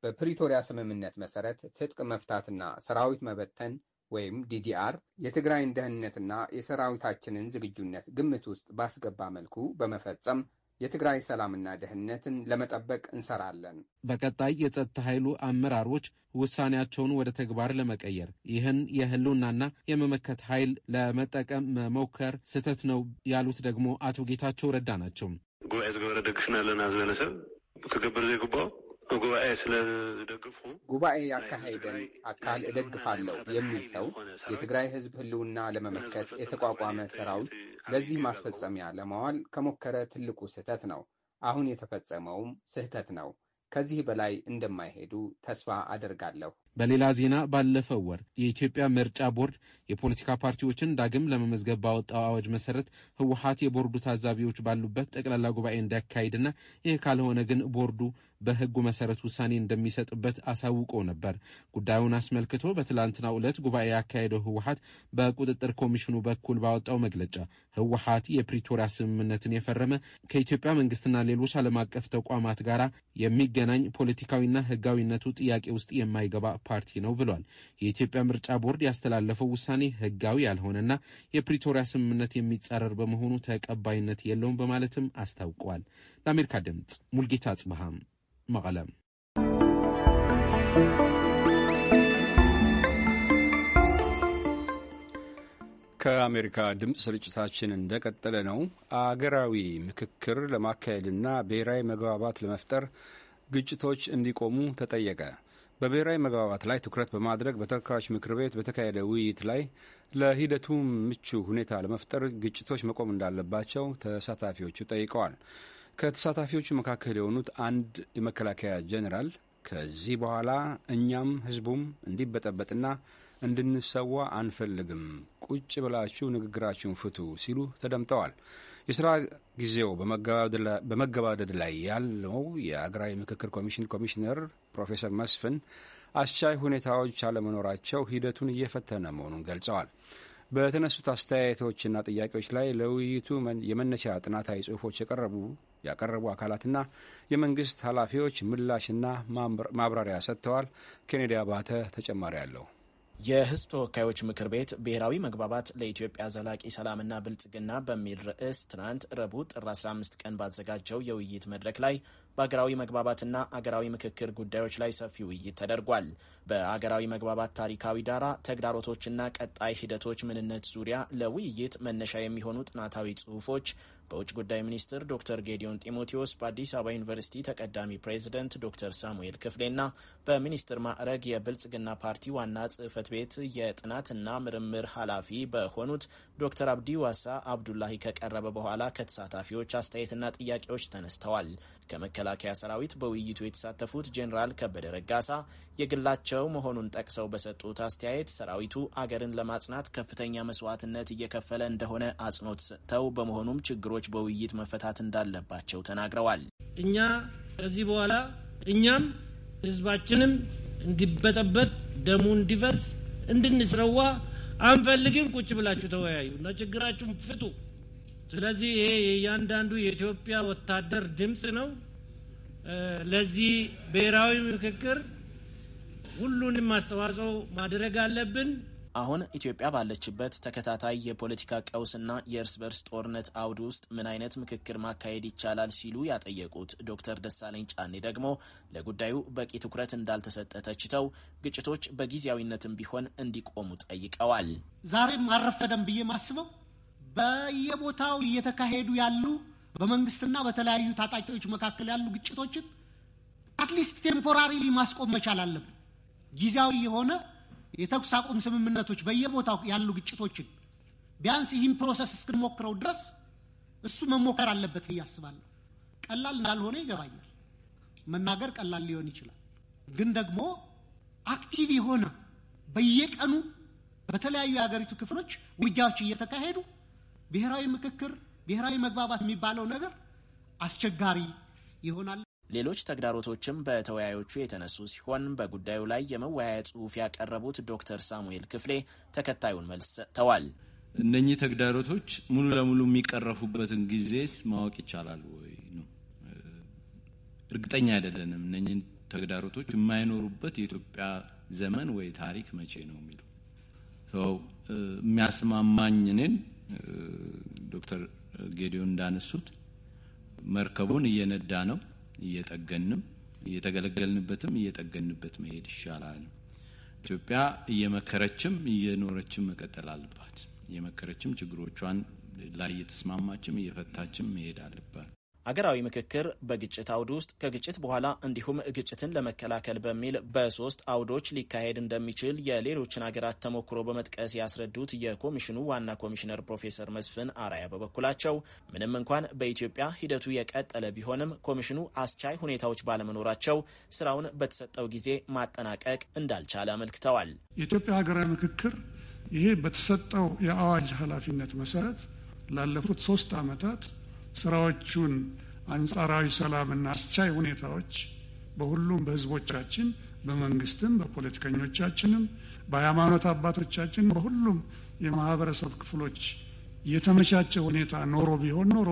በፕሪቶሪያ ስምምነት መሰረት ትጥቅ መፍታትና ሰራዊት መበተን ወይም ዲዲአር የትግራይን ደህንነትና የሰራዊታችንን ዝግጁነት ግምት ውስጥ ባስገባ መልኩ በመፈጸም የትግራይ ሰላምና ደህንነትን ለመጠበቅ እንሰራለን። በቀጣይ የጸጥታ ኃይሉ አመራሮች ውሳኔያቸውን ወደ ተግባር ለመቀየር ይህን የህልውናና የመመከት ኃይል ለመጠቀም መሞከር ስህተት ነው ያሉት ደግሞ አቶ ጌታቸው ረዳ ናቸው። ጉባኤ ዝገበረ ደግስና ለና ዝበለ ሰብ ክገብር ዘይግባኦ ጉባኤ ስለደግፉ ጉባኤ ያካሄደን አካል እደግፋለሁ የሚል ሰው የትግራይ ህዝብ ህልውና ለመመከት የተቋቋመ ሰራዊት ለዚህ ማስፈጸሚያ ለማዋል ከሞከረ ትልቁ ስህተት ነው። አሁን የተፈጸመውም ስህተት ነው። ከዚህ በላይ እንደማይሄዱ ተስፋ አደርጋለሁ። በሌላ ዜና ባለፈው ወር የኢትዮጵያ ምርጫ ቦርድ የፖለቲካ ፓርቲዎችን ዳግም ለመመዝገብ ባወጣው አዋጅ መሰረት ህወሀት የቦርዱ ታዛቢዎች ባሉበት ጠቅላላ ጉባኤ እንዳያካሂድና ይህ ካልሆነ ግን ቦርዱ በህጉ መሰረት ውሳኔ እንደሚሰጥበት አሳውቆ ነበር። ጉዳዩን አስመልክቶ በትላንትናው ዕለት ጉባኤ ያካሄደው ህወሀት በቁጥጥር ኮሚሽኑ በኩል ባወጣው መግለጫ ህወሀት የፕሪቶሪያ ስምምነትን የፈረመ ከኢትዮጵያ መንግስትና ሌሎች ዓለም አቀፍ ተቋማት ጋር የሚገናኝ ፖለቲካዊና ህጋዊነቱ ጥያቄ ውስጥ የማይገባ ፓርቲ ነው ብሏል። የኢትዮጵያ ምርጫ ቦርድ ያስተላለፈው ውሳኔ ህጋዊ ያልሆነና የፕሪቶሪያ ስምምነት የሚጻረር በመሆኑ ተቀባይነት የለውም በማለትም አስታውቋል። ለአሜሪካ ድምጽ ሙልጌታ አጽበሃም መቀለም ከአሜሪካ ድምፅ ስርጭታችን እንደቀጠለ ነው። አገራዊ ምክክር ለማካሄድና ብሔራዊ መግባባት ለመፍጠር ግጭቶች እንዲቆሙ ተጠየቀ። በብሔራዊ መግባባት ላይ ትኩረት በማድረግ በተወካዮች ምክር ቤት በተካሄደ ውይይት ላይ ለሂደቱ ምቹ ሁኔታ ለመፍጠር ግጭቶች መቆም እንዳለባቸው ተሳታፊዎቹ ጠይቀዋል። ከተሳታፊዎቹ መካከል የሆኑት አንድ የመከላከያ ጄኔራል ከዚህ በኋላ እኛም ህዝቡም እንዲበጠበጥና እንድንሰዋ አንፈልግም፣ ቁጭ ብላችሁ ንግግራችሁን ፍቱ ሲሉ ተደምጠዋል። የስራ ጊዜው በመገባደድ ላይ ያለው የአገራዊ ምክክር ኮሚሽን ኮሚሽነር ፕሮፌሰር መስፍን አስቻይ ሁኔታዎች አለመኖራቸው ሂደቱን እየፈተነ መሆኑን ገልጸዋል። በተነሱት አስተያየቶችና ጥያቄዎች ላይ ለውይይቱ የመነሻ ጥናታዊ ጽሑፎች ያቀረቡ አካላትና የመንግስት ኃላፊዎች ምላሽና ማብራሪያ ሰጥተዋል። ኬኔዲ አባተ ተጨማሪ አለው። የህዝብ ተወካዮች ምክር ቤት ብሔራዊ መግባባት ለኢትዮጵያ ዘላቂ ሰላምና ብልጽግና በሚል ርዕስ ትናንት ረቡዕ ጥር 15 ቀን ባዘጋጀው የውይይት መድረክ ላይ በአገራዊ መግባባትና አገራዊ ምክክር ጉዳዮች ላይ ሰፊ ውይይት ተደርጓል። በአገራዊ መግባባት ታሪካዊ ዳራ፣ ተግዳሮቶችና ቀጣይ ሂደቶች ምንነት ዙሪያ ለውይይት መነሻ የሚሆኑ ጥናታዊ ጽሁፎች በውጭ ጉዳይ ሚኒስትር ዶክተር ጌዲዮን ጢሞቴዎስ በአዲስ አበባ ዩኒቨርሲቲ ተቀዳሚ ፕሬዝደንት ዶክተር ሳሙኤል ክፍሌና በሚኒስትር ማዕረግ የብልጽግና ፓርቲ ዋና ጽህፈት ቤት የጥናትና ምርምር ኃላፊ በሆኑት ዶክተር አብዲ ዋሳ አብዱላሂ ከቀረበ በኋላ ከተሳታፊዎች አስተያየትና ጥያቄዎች ተነስተዋል። ከመከላከያ ሰራዊት በውይይቱ የተሳተፉት ጄኔራል ከበደ ረጋሳ የግላቸው መሆኑን ጠቅሰው በሰጡት አስተያየት ሰራዊቱ አገርን ለማጽናት ከፍተኛ መስዋዕትነት እየከፈለ እንደሆነ አጽንኦት ሰጥተው በመሆኑም ችግሮች በውይይት መፈታት እንዳለባቸው ተናግረዋል። እኛ ከዚህ በኋላ እኛም ህዝባችንም እንዲበጠበት ደሙ እንዲፈስ እንድንስረዋ አንፈልግም። ቁጭ ብላችሁ ተወያዩ እና ችግራችሁን ፍቱ ስለዚህ ይሄ የእያንዳንዱ የኢትዮጵያ ወታደር ድምፅ ነው። ለዚህ ብሔራዊ ምክክር ሁሉንም አስተዋጽኦ ማድረግ አለብን። አሁን ኢትዮጵያ ባለችበት ተከታታይ የፖለቲካ ቀውስና የእርስ በርስ ጦርነት አውድ ውስጥ ምን አይነት ምክክር ማካሄድ ይቻላል ሲሉ ያጠየቁት ዶክተር ደሳለኝ ጫኔ ደግሞ ለጉዳዩ በቂ ትኩረት እንዳልተሰጠ ተችተው ግጭቶች በጊዜያዊነትም ቢሆን እንዲቆሙ ጠይቀዋል። ዛሬም አረፈደም ብዬ ማስበው በየቦታው እየተካሄዱ ያሉ በመንግስትና በተለያዩ ታጣቂዎች መካከል ያሉ ግጭቶችን አትሊስት ቴምፖራሪሊ ማስቆም መቻል አለብን። ጊዜያዊ የሆነ የተኩስ አቁም ስምምነቶች በየቦታው ያሉ ግጭቶችን ቢያንስ ይህን ፕሮሰስ እስክንሞክረው ድረስ እሱ መሞከር አለበት ብዬ አስባለሁ። ቀላል እንዳልሆነ ይገባኛል። መናገር ቀላል ሊሆን ይችላል። ግን ደግሞ አክቲቭ የሆነ በየቀኑ በተለያዩ የሀገሪቱ ክፍሎች ውጊያዎች እየተካሄዱ ብሔራዊ ምክክር፣ ብሔራዊ መግባባት የሚባለው ነገር አስቸጋሪ ይሆናል። ሌሎች ተግዳሮቶችም በተወያዮቹ የተነሱ ሲሆን በጉዳዩ ላይ የመወያያ ጽሑፍ ያቀረቡት ዶክተር ሳሙኤል ክፍሌ ተከታዩን መልስ ሰጥተዋል። እነኚህ ተግዳሮቶች ሙሉ ለሙሉ የሚቀረፉበትን ጊዜስ ማወቅ ይቻላል ወይ እርግጠኛ አይደለንም። እነኚህን ተግዳሮቶች የማይኖሩበት የኢትዮጵያ ዘመን ወይ ታሪክ መቼ ነው የሚሉ ሰው የሚያስማማኝንን ዶክተር ጌዲዮን እንዳነሱት መርከቡን እየነዳ ነው እየጠገንም እየተገለገልንበትም እየጠገንበት መሄድ ይሻላል። ኢትዮጵያ እየመከረችም እየኖረችም መቀጠል አለባት። እየመከረችም ችግሮቿን ላይ እየተስማማችም እየፈታችም መሄድ አለባት። አገራዊ ምክክር በግጭት አውድ ውስጥ ከግጭት በኋላ እንዲሁም ግጭትን ለመከላከል በሚል በሶስት አውዶች ሊካሄድ እንደሚችል የሌሎችን ሀገራት ተሞክሮ በመጥቀስ ያስረዱት የኮሚሽኑ ዋና ኮሚሽነር ፕሮፌሰር መስፍን አራያ በበኩላቸው ምንም እንኳን በኢትዮጵያ ሂደቱ የቀጠለ ቢሆንም ኮሚሽኑ አስቻይ ሁኔታዎች ባለመኖራቸው ስራውን በተሰጠው ጊዜ ማጠናቀቅ እንዳልቻለ አመልክተዋል። የኢትዮጵያ ሀገራዊ ምክክር ይሄ በተሰጠው የአዋጅ ኃላፊነት መሰረት ላለፉት ሶስት ዓመታት ስራዎቹን አንጻራዊ ሰላምና አስቻይ ሁኔታዎች በሁሉም በህዝቦቻችን በመንግስትም በፖለቲከኞቻችንም በሃይማኖት አባቶቻችን በሁሉም የማህበረሰብ ክፍሎች የተመቻቸ ሁኔታ ኖሮ ቢሆን ኖሮ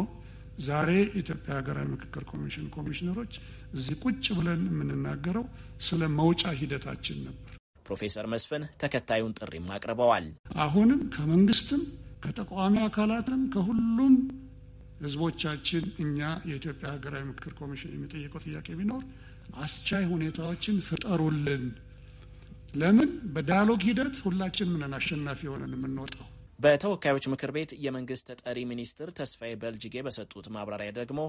ዛሬ የኢትዮጵያ ሀገራዊ ምክክር ኮሚሽን ኮሚሽነሮች እዚህ ቁጭ ብለን የምንናገረው ስለ መውጫ ሂደታችን ነበር። ፕሮፌሰር መስፍን ተከታዩን ጥሪም አቅርበዋል። አሁንም ከመንግስትም ከተቃዋሚ አካላትም ከሁሉም ህዝቦቻችን እኛ የኢትዮጵያ ሀገራዊ ምክክር ኮሚሽን የሚጠየቀው ጥያቄ ቢኖር አስቻይ ሁኔታዎችን ፍጠሩልን። ለምን በዳያሎግ ሂደት ሁላችን ምንን አሸናፊ የሆነን የምንወጣው። በተወካዮች ምክር ቤት የመንግስት ተጠሪ ሚኒስትር ተስፋዬ በልጅጌ በሰጡት ማብራሪያ ደግሞ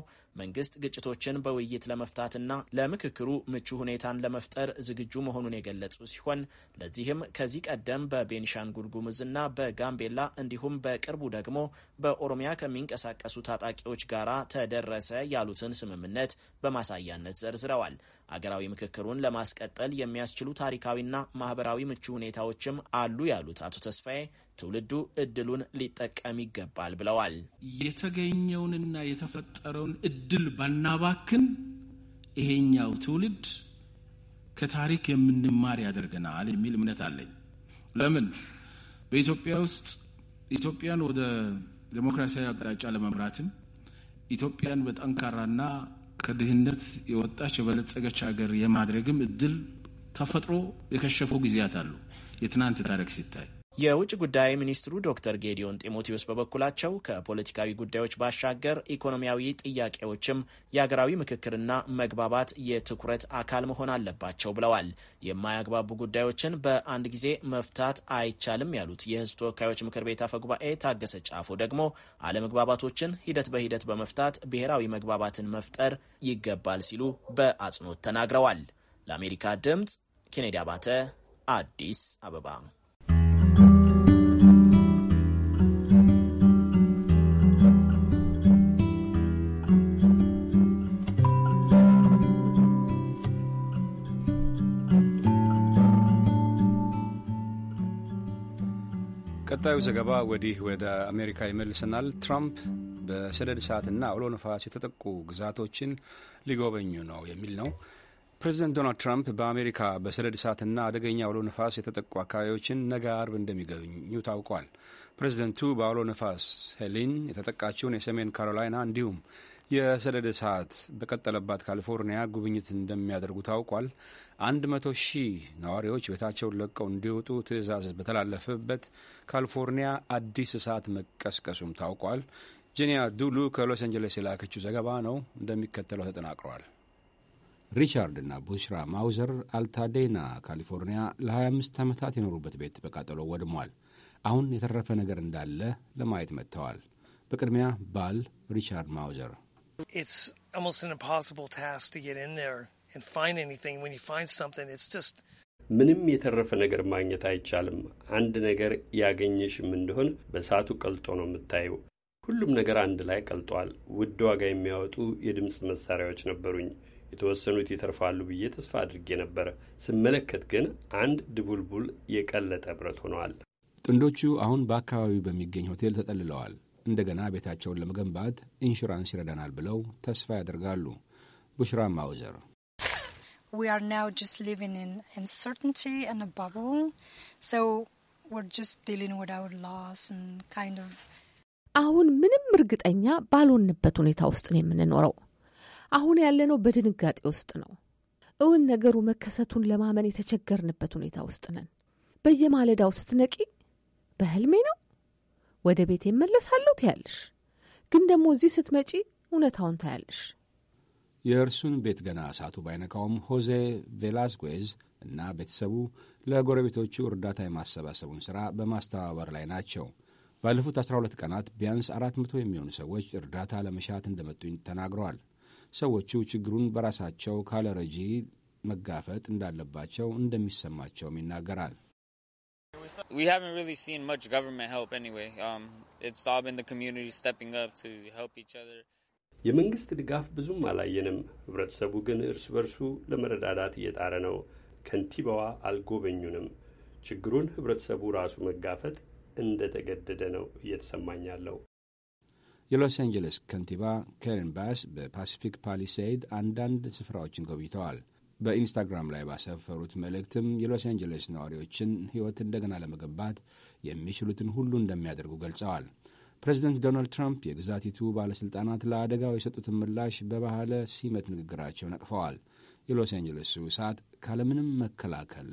መንግስት ግጭቶችን በውይይት ለመፍታትና ለምክክሩ ምቹ ሁኔታን ለመፍጠር ዝግጁ መሆኑን የገለጹ ሲሆን ለዚህም ከዚህ ቀደም በቤኒሻንጉል ጉሙዝና በጋምቤላ እንዲሁም በቅርቡ ደግሞ በኦሮሚያ ከሚንቀሳቀሱ ታጣቂዎች ጋር ተደረሰ ያሉትን ስምምነት በማሳያነት ዘርዝረዋል። አገራዊ ምክክሩን ለማስቀጠል የሚያስችሉ ታሪካዊና ማህበራዊ ምቹ ሁኔታዎችም አሉ ያሉት አቶ ተስፋዬ ትውልዱ እድሉን ሊጠቀም ይገባል ብለዋል። የተገኘውንና የተፈጠረውን እድል ባናባክን ይሄኛው ትውልድ ከታሪክ የምንማር ያደርገናል የሚል እምነት አለኝ። ለምን በኢትዮጵያ ውስጥ ኢትዮጵያን ወደ ዴሞክራሲያዊ አቅጣጫ ለመምራትም ኢትዮጵያን በጠንካራና ከድህነት የወጣች የበለጸገች ሀገር የማድረግም እድል ተፈጥሮ የከሸፉ ጊዜያት አሉ። የትናንት ታሪክ ሲታይ የውጭ ጉዳይ ሚኒስትሩ ዶክተር ጌዲዮን ጢሞቴዎስ በበኩላቸው ከፖለቲካዊ ጉዳዮች ባሻገር ኢኮኖሚያዊ ጥያቄዎችም የአገራዊ ምክክርና መግባባት የትኩረት አካል መሆን አለባቸው ብለዋል። የማያግባቡ ጉዳዮችን በአንድ ጊዜ መፍታት አይቻልም ያሉት የሕዝብ ተወካዮች ምክር ቤት አፈ ጉባኤ ታገሰ ጫፎ ደግሞ አለመግባባቶችን ሂደት በሂደት በመፍታት ብሔራዊ መግባባትን መፍጠር ይገባል ሲሉ በአጽንኦት ተናግረዋል። ለአሜሪካ ድምፅ ኬኔዲ አባተ አዲስ አበባ ቀጣዩ ዘገባ ወዲህ ወደ አሜሪካ ይመልሰናል። ትራምፕ በሰደድ እሳትና አውሎ ነፋስ የተጠቁ ግዛቶችን ሊጎበኙ ነው የሚል ነው። ፕሬዚደንት ዶናልድ ትራምፕ በአሜሪካ በሰደድ እሳትና አደገኛ አውሎ ነፋስ የተጠቁ አካባቢዎችን ነገ አርብ እንደሚጎበኙ ታውቋል። ፕሬዚደንቱ በአውሎ ነፋስ ሄሊን የተጠቃችውን የሰሜን ካሮላይና እንዲሁም የሰደድ እሳት በቀጠለባት ካሊፎርኒያ ጉብኝት እንደሚያደርጉ ታውቋል። አንድ መቶ ሺህ ነዋሪዎች ቤታቸውን ለቀው እንዲወጡ ትዕዛዝ በተላለፈበት ካሊፎርኒያ አዲስ እሳት መቀስቀሱም ታውቋል። ጄኒያ ዱሉ ከሎስ አንጀለስ የላከችው ዘገባ ነው እንደሚከተለው ተጠናቅሯል። ሪቻርድ እና ቡሽራ ማውዘር አልታዴና ካሊፎርኒያ ለ25 ዓመታት የኖሩበት ቤት በቃጠሎ ወድሟል። አሁን የተረፈ ነገር እንዳለ ለማየት መጥተዋል። በቅድሚያ ባል ሪቻርድ ማውዘር It's almost an impossible task to get in there and find anything. When you find something, it's just ምንም የተረፈ ነገር ማግኘት አይቻልም። አንድ ነገር ያገኘሽም እንደሆን በእሳቱ ቀልጦ ነው የምታየው። ሁሉም ነገር አንድ ላይ ቀልጧል። ውድ ዋጋ የሚያወጡ የድምፅ መሳሪያዎች ነበሩኝ። የተወሰኑት ይተርፋሉ ብዬ ተስፋ አድርጌ ነበር። ስመለከት ግን አንድ ድቡልቡል የቀለጠ ብረት ሆነዋል። ጥንዶቹ አሁን በአካባቢው በሚገኝ ሆቴል ተጠልለዋል። እንደገና ቤታቸውን ለመገንባት ኢንሹራንስ ይረዳናል ብለው ተስፋ ያደርጋሉ። ቡሽራ ማውዘር አሁን ምንም እርግጠኛ ባልሆንበት ሁኔታ ውስጥ ነው የምንኖረው። አሁን ያለነው በድንጋጤ ውስጥ ነው። እውን ነገሩ መከሰቱን ለማመን የተቸገርንበት ሁኔታ ውስጥ ነን። በየማለዳው ስትነቂ በህልሜ ነው ወደ ቤት የመለሳለሁ ትያለሽ፣ ግን ደግሞ እዚህ ስትመጪ እውነታውን ታያለሽ። የእርሱን ቤት ገና እሳቱ ባይነካውም ሆዜ ቬላስኩዝ እና ቤተሰቡ ለጎረቤቶቹ እርዳታ የማሰባሰቡን ሥራ በማስተባበር ላይ ናቸው። ባለፉት 12 ቀናት ቢያንስ 400 የሚሆኑ ሰዎች እርዳታ ለመሻት እንደመጡ ተናግረዋል። ሰዎቹ ችግሩን በራሳቸው ካለረጂ መጋፈጥ እንዳለባቸው እንደሚሰማቸውም ይናገራል። We haven't really seen much government help anyway. Um, it's all been the community stepping up to help each other. የመንግስት ድጋፍ ብዙም አላየንም። ህብረተሰቡ ግን እርስ በርሱ ለመረዳዳት እየጣረ ነው። ከንቲባዋ አልጎበኙንም። ችግሩን ህብረተሰቡ ራሱ መጋፈጥ እንደተገደደ ነው እየተሰማኝ ያለው። የሎስ አንጀለስ ከንቲባ ከረን ባስ በፓሲፊክ ፓሊሳይድ አንዳንድ ስፍራዎችን ጎብኝተዋል። በኢንስታግራም ላይ ባሰፈሩት መልእክትም የሎስ አንጀለስ ነዋሪዎችን ሕይወት እንደገና ለመገንባት የሚችሉትን ሁሉ እንደሚያደርጉ ገልጸዋል። ፕሬዚደንት ዶናልድ ትራምፕ የግዛቲቱ ባለሥልጣናት ለአደጋው የሰጡትን ምላሽ በባህለ ሲመት ንግግራቸው ነቅፈዋል። የሎስ አንጀለሱ እሳት ካለምንም መከላከል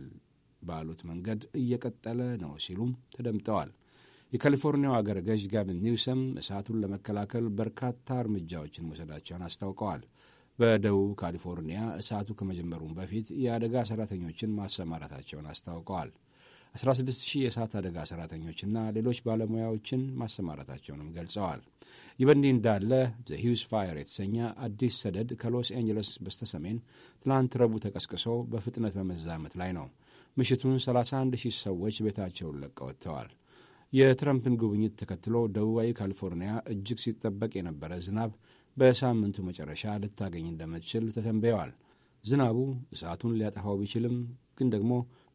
ባሉት መንገድ እየቀጠለ ነው ሲሉም ተደምጠዋል። የካሊፎርኒያው አገረ ገዥ ጋቪን ኒውሰም እሳቱን ለመከላከል በርካታ እርምጃዎችን መውሰዳቸውን አስታውቀዋል። በደቡብ ካሊፎርኒያ እሳቱ ከመጀመሩም በፊት የአደጋ ሰራተኞችን ማሰማራታቸውን አስታውቀዋል። 16,000 የእሳት አደጋ ሰራተኞችና ሌሎች ባለሙያዎችን ማሰማራታቸውንም ገልጸዋል። ይህ በእንዲህ እንዳለ ዘ ሂውዝ ፋየር የተሰኘ አዲስ ሰደድ ከሎስ አንጀለስ በስተሰሜን ትላንት ረቡዕ ተቀስቅሶ በፍጥነት በመዛመት ላይ ነው። ምሽቱን 31,000 ሰዎች ቤታቸውን ለቀው ወጥተዋል። የትረምፕን ጉብኝት ተከትሎ ደቡባዊ ካሊፎርኒያ እጅግ ሲጠበቅ የነበረ ዝናብ በሳምንቱ መጨረሻ ልታገኝ እንደምትችል ተተንብየዋል። ዝናቡ እሳቱን ሊያጠፋው ቢችልም ግን ደግሞ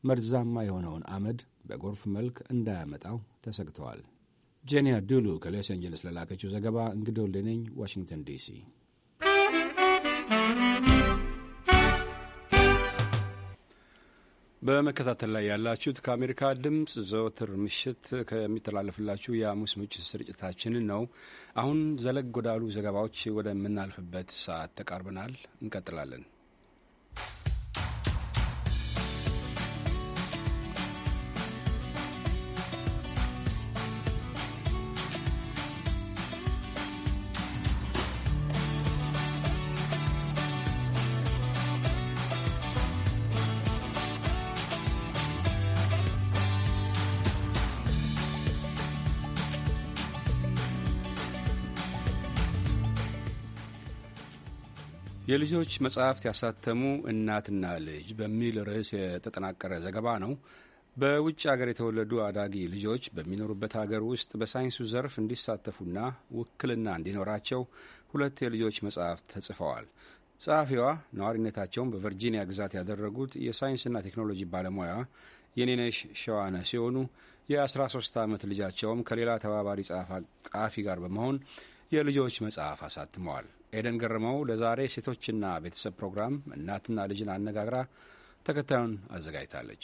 መርዛማ የሆነውን አመድ በጎርፍ መልክ እንዳያመጣው ተሰግተዋል። ጄኒያ ዱሉ ከሎስ አንጀለስ ለላከችው ዘገባ እንግዶ ሌነኝ ዋሽንግተን ዲሲ በመከታተል ላይ ያላችሁት ከአሜሪካ ድምፅ ዘወትር ምሽት ከሚተላለፍላችሁ የሐሙስ ምሽት ስርጭታችንን ነው። አሁን ዘለግ ወዳሉ ዘገባዎች ወደምናልፍበት ሰዓት ተቃርበናል። እንቀጥላለን። የልጆች መጽሐፍት ያሳተሙ እናትና ልጅ በሚል ርዕስ የተጠናቀረ ዘገባ ነው። በውጭ ሀገር የተወለዱ አዳጊ ልጆች በሚኖሩበት ሀገር ውስጥ በሳይንሱ ዘርፍ እንዲሳተፉና ውክልና እንዲኖራቸው ሁለት የልጆች መጽሐፍት ተጽፈዋል። ጸሐፊዋ ነዋሪነታቸውን በቨርጂኒያ ግዛት ያደረጉት የሳይንስና ቴክኖሎጂ ባለሙያ የኔነሽ ሸዋነ ሲሆኑ የ13 ዓመት ልጃቸውም ከሌላ ተባባሪ ጸሐፊ ጋር በመሆን የልጆች መጽሐፍ አሳትመዋል። ኤደን ገርመው ለዛሬ ሴቶችና ቤተሰብ ፕሮግራም እናትና ልጅን አነጋግራ ተከታዩን አዘጋጅታለች።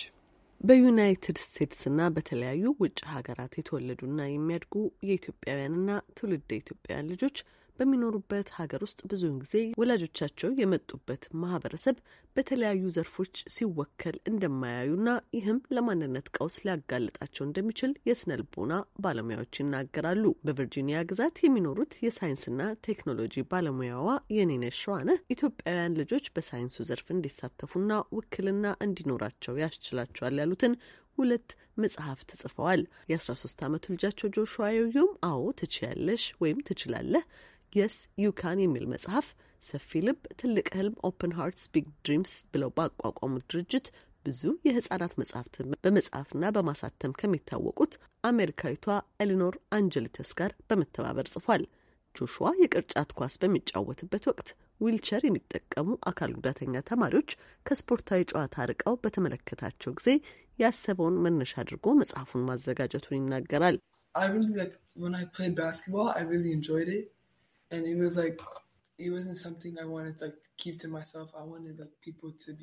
በዩናይትድ ስቴትስና በተለያዩ ውጭ ሀገራት የተወለዱና የሚያድጉ የኢትዮጵያውያንና ትውልደ ኢትዮጵያውያን ልጆች በሚኖሩበት ሀገር ውስጥ ብዙውን ጊዜ ወላጆቻቸው የመጡበት ማህበረሰብ በተለያዩ ዘርፎች ሲወከል እንደማያዩና ይህም ለማንነት ቀውስ ሊያጋልጣቸው እንደሚችል የስነልቦና ባለሙያዎች ይናገራሉ። በቨርጂኒያ ግዛት የሚኖሩት የሳይንስና ቴክኖሎጂ ባለሙያዋ የኔነ ሸዋነህ ኢትዮጵያውያን ልጆች በሳይንሱ ዘርፍ እንዲሳተፉና ውክልና እንዲኖራቸው ያስችላቸዋል ያሉትን ሁለት መጽሐፍት ተጽፈዋል። የ የ13 ዓመቱ ልጃቸው ጆሹዋ የውም አዎ ትችያለሽ ወይም ትችላለህ የስ ዩካን የሚል መጽሐፍ ሰፊ ልብ፣ ትልቅ ህልም ኦፕን ሃርትስ ቢግ ድሪምስ ብለው ባቋቋሙት ድርጅት ብዙ የህጻናት መጽሐፍትን በመጽሐፍና በማሳተም ከሚታወቁት አሜሪካዊቷ ኤሊኖር አንጀሊተስ ጋር በመተባበር ጽፏል። ጆሹዋ የቅርጫት ኳስ በሚጫወትበት ወቅት ዊልቸር የሚጠቀሙ አካል ጉዳተኛ ተማሪዎች ከስፖርታዊ ጨዋታ ርቀው በተመለከታቸው ጊዜ ያሰበውን መነሻ አድርጎ መጽሐፉን ማዘጋጀቱን ይናገራል።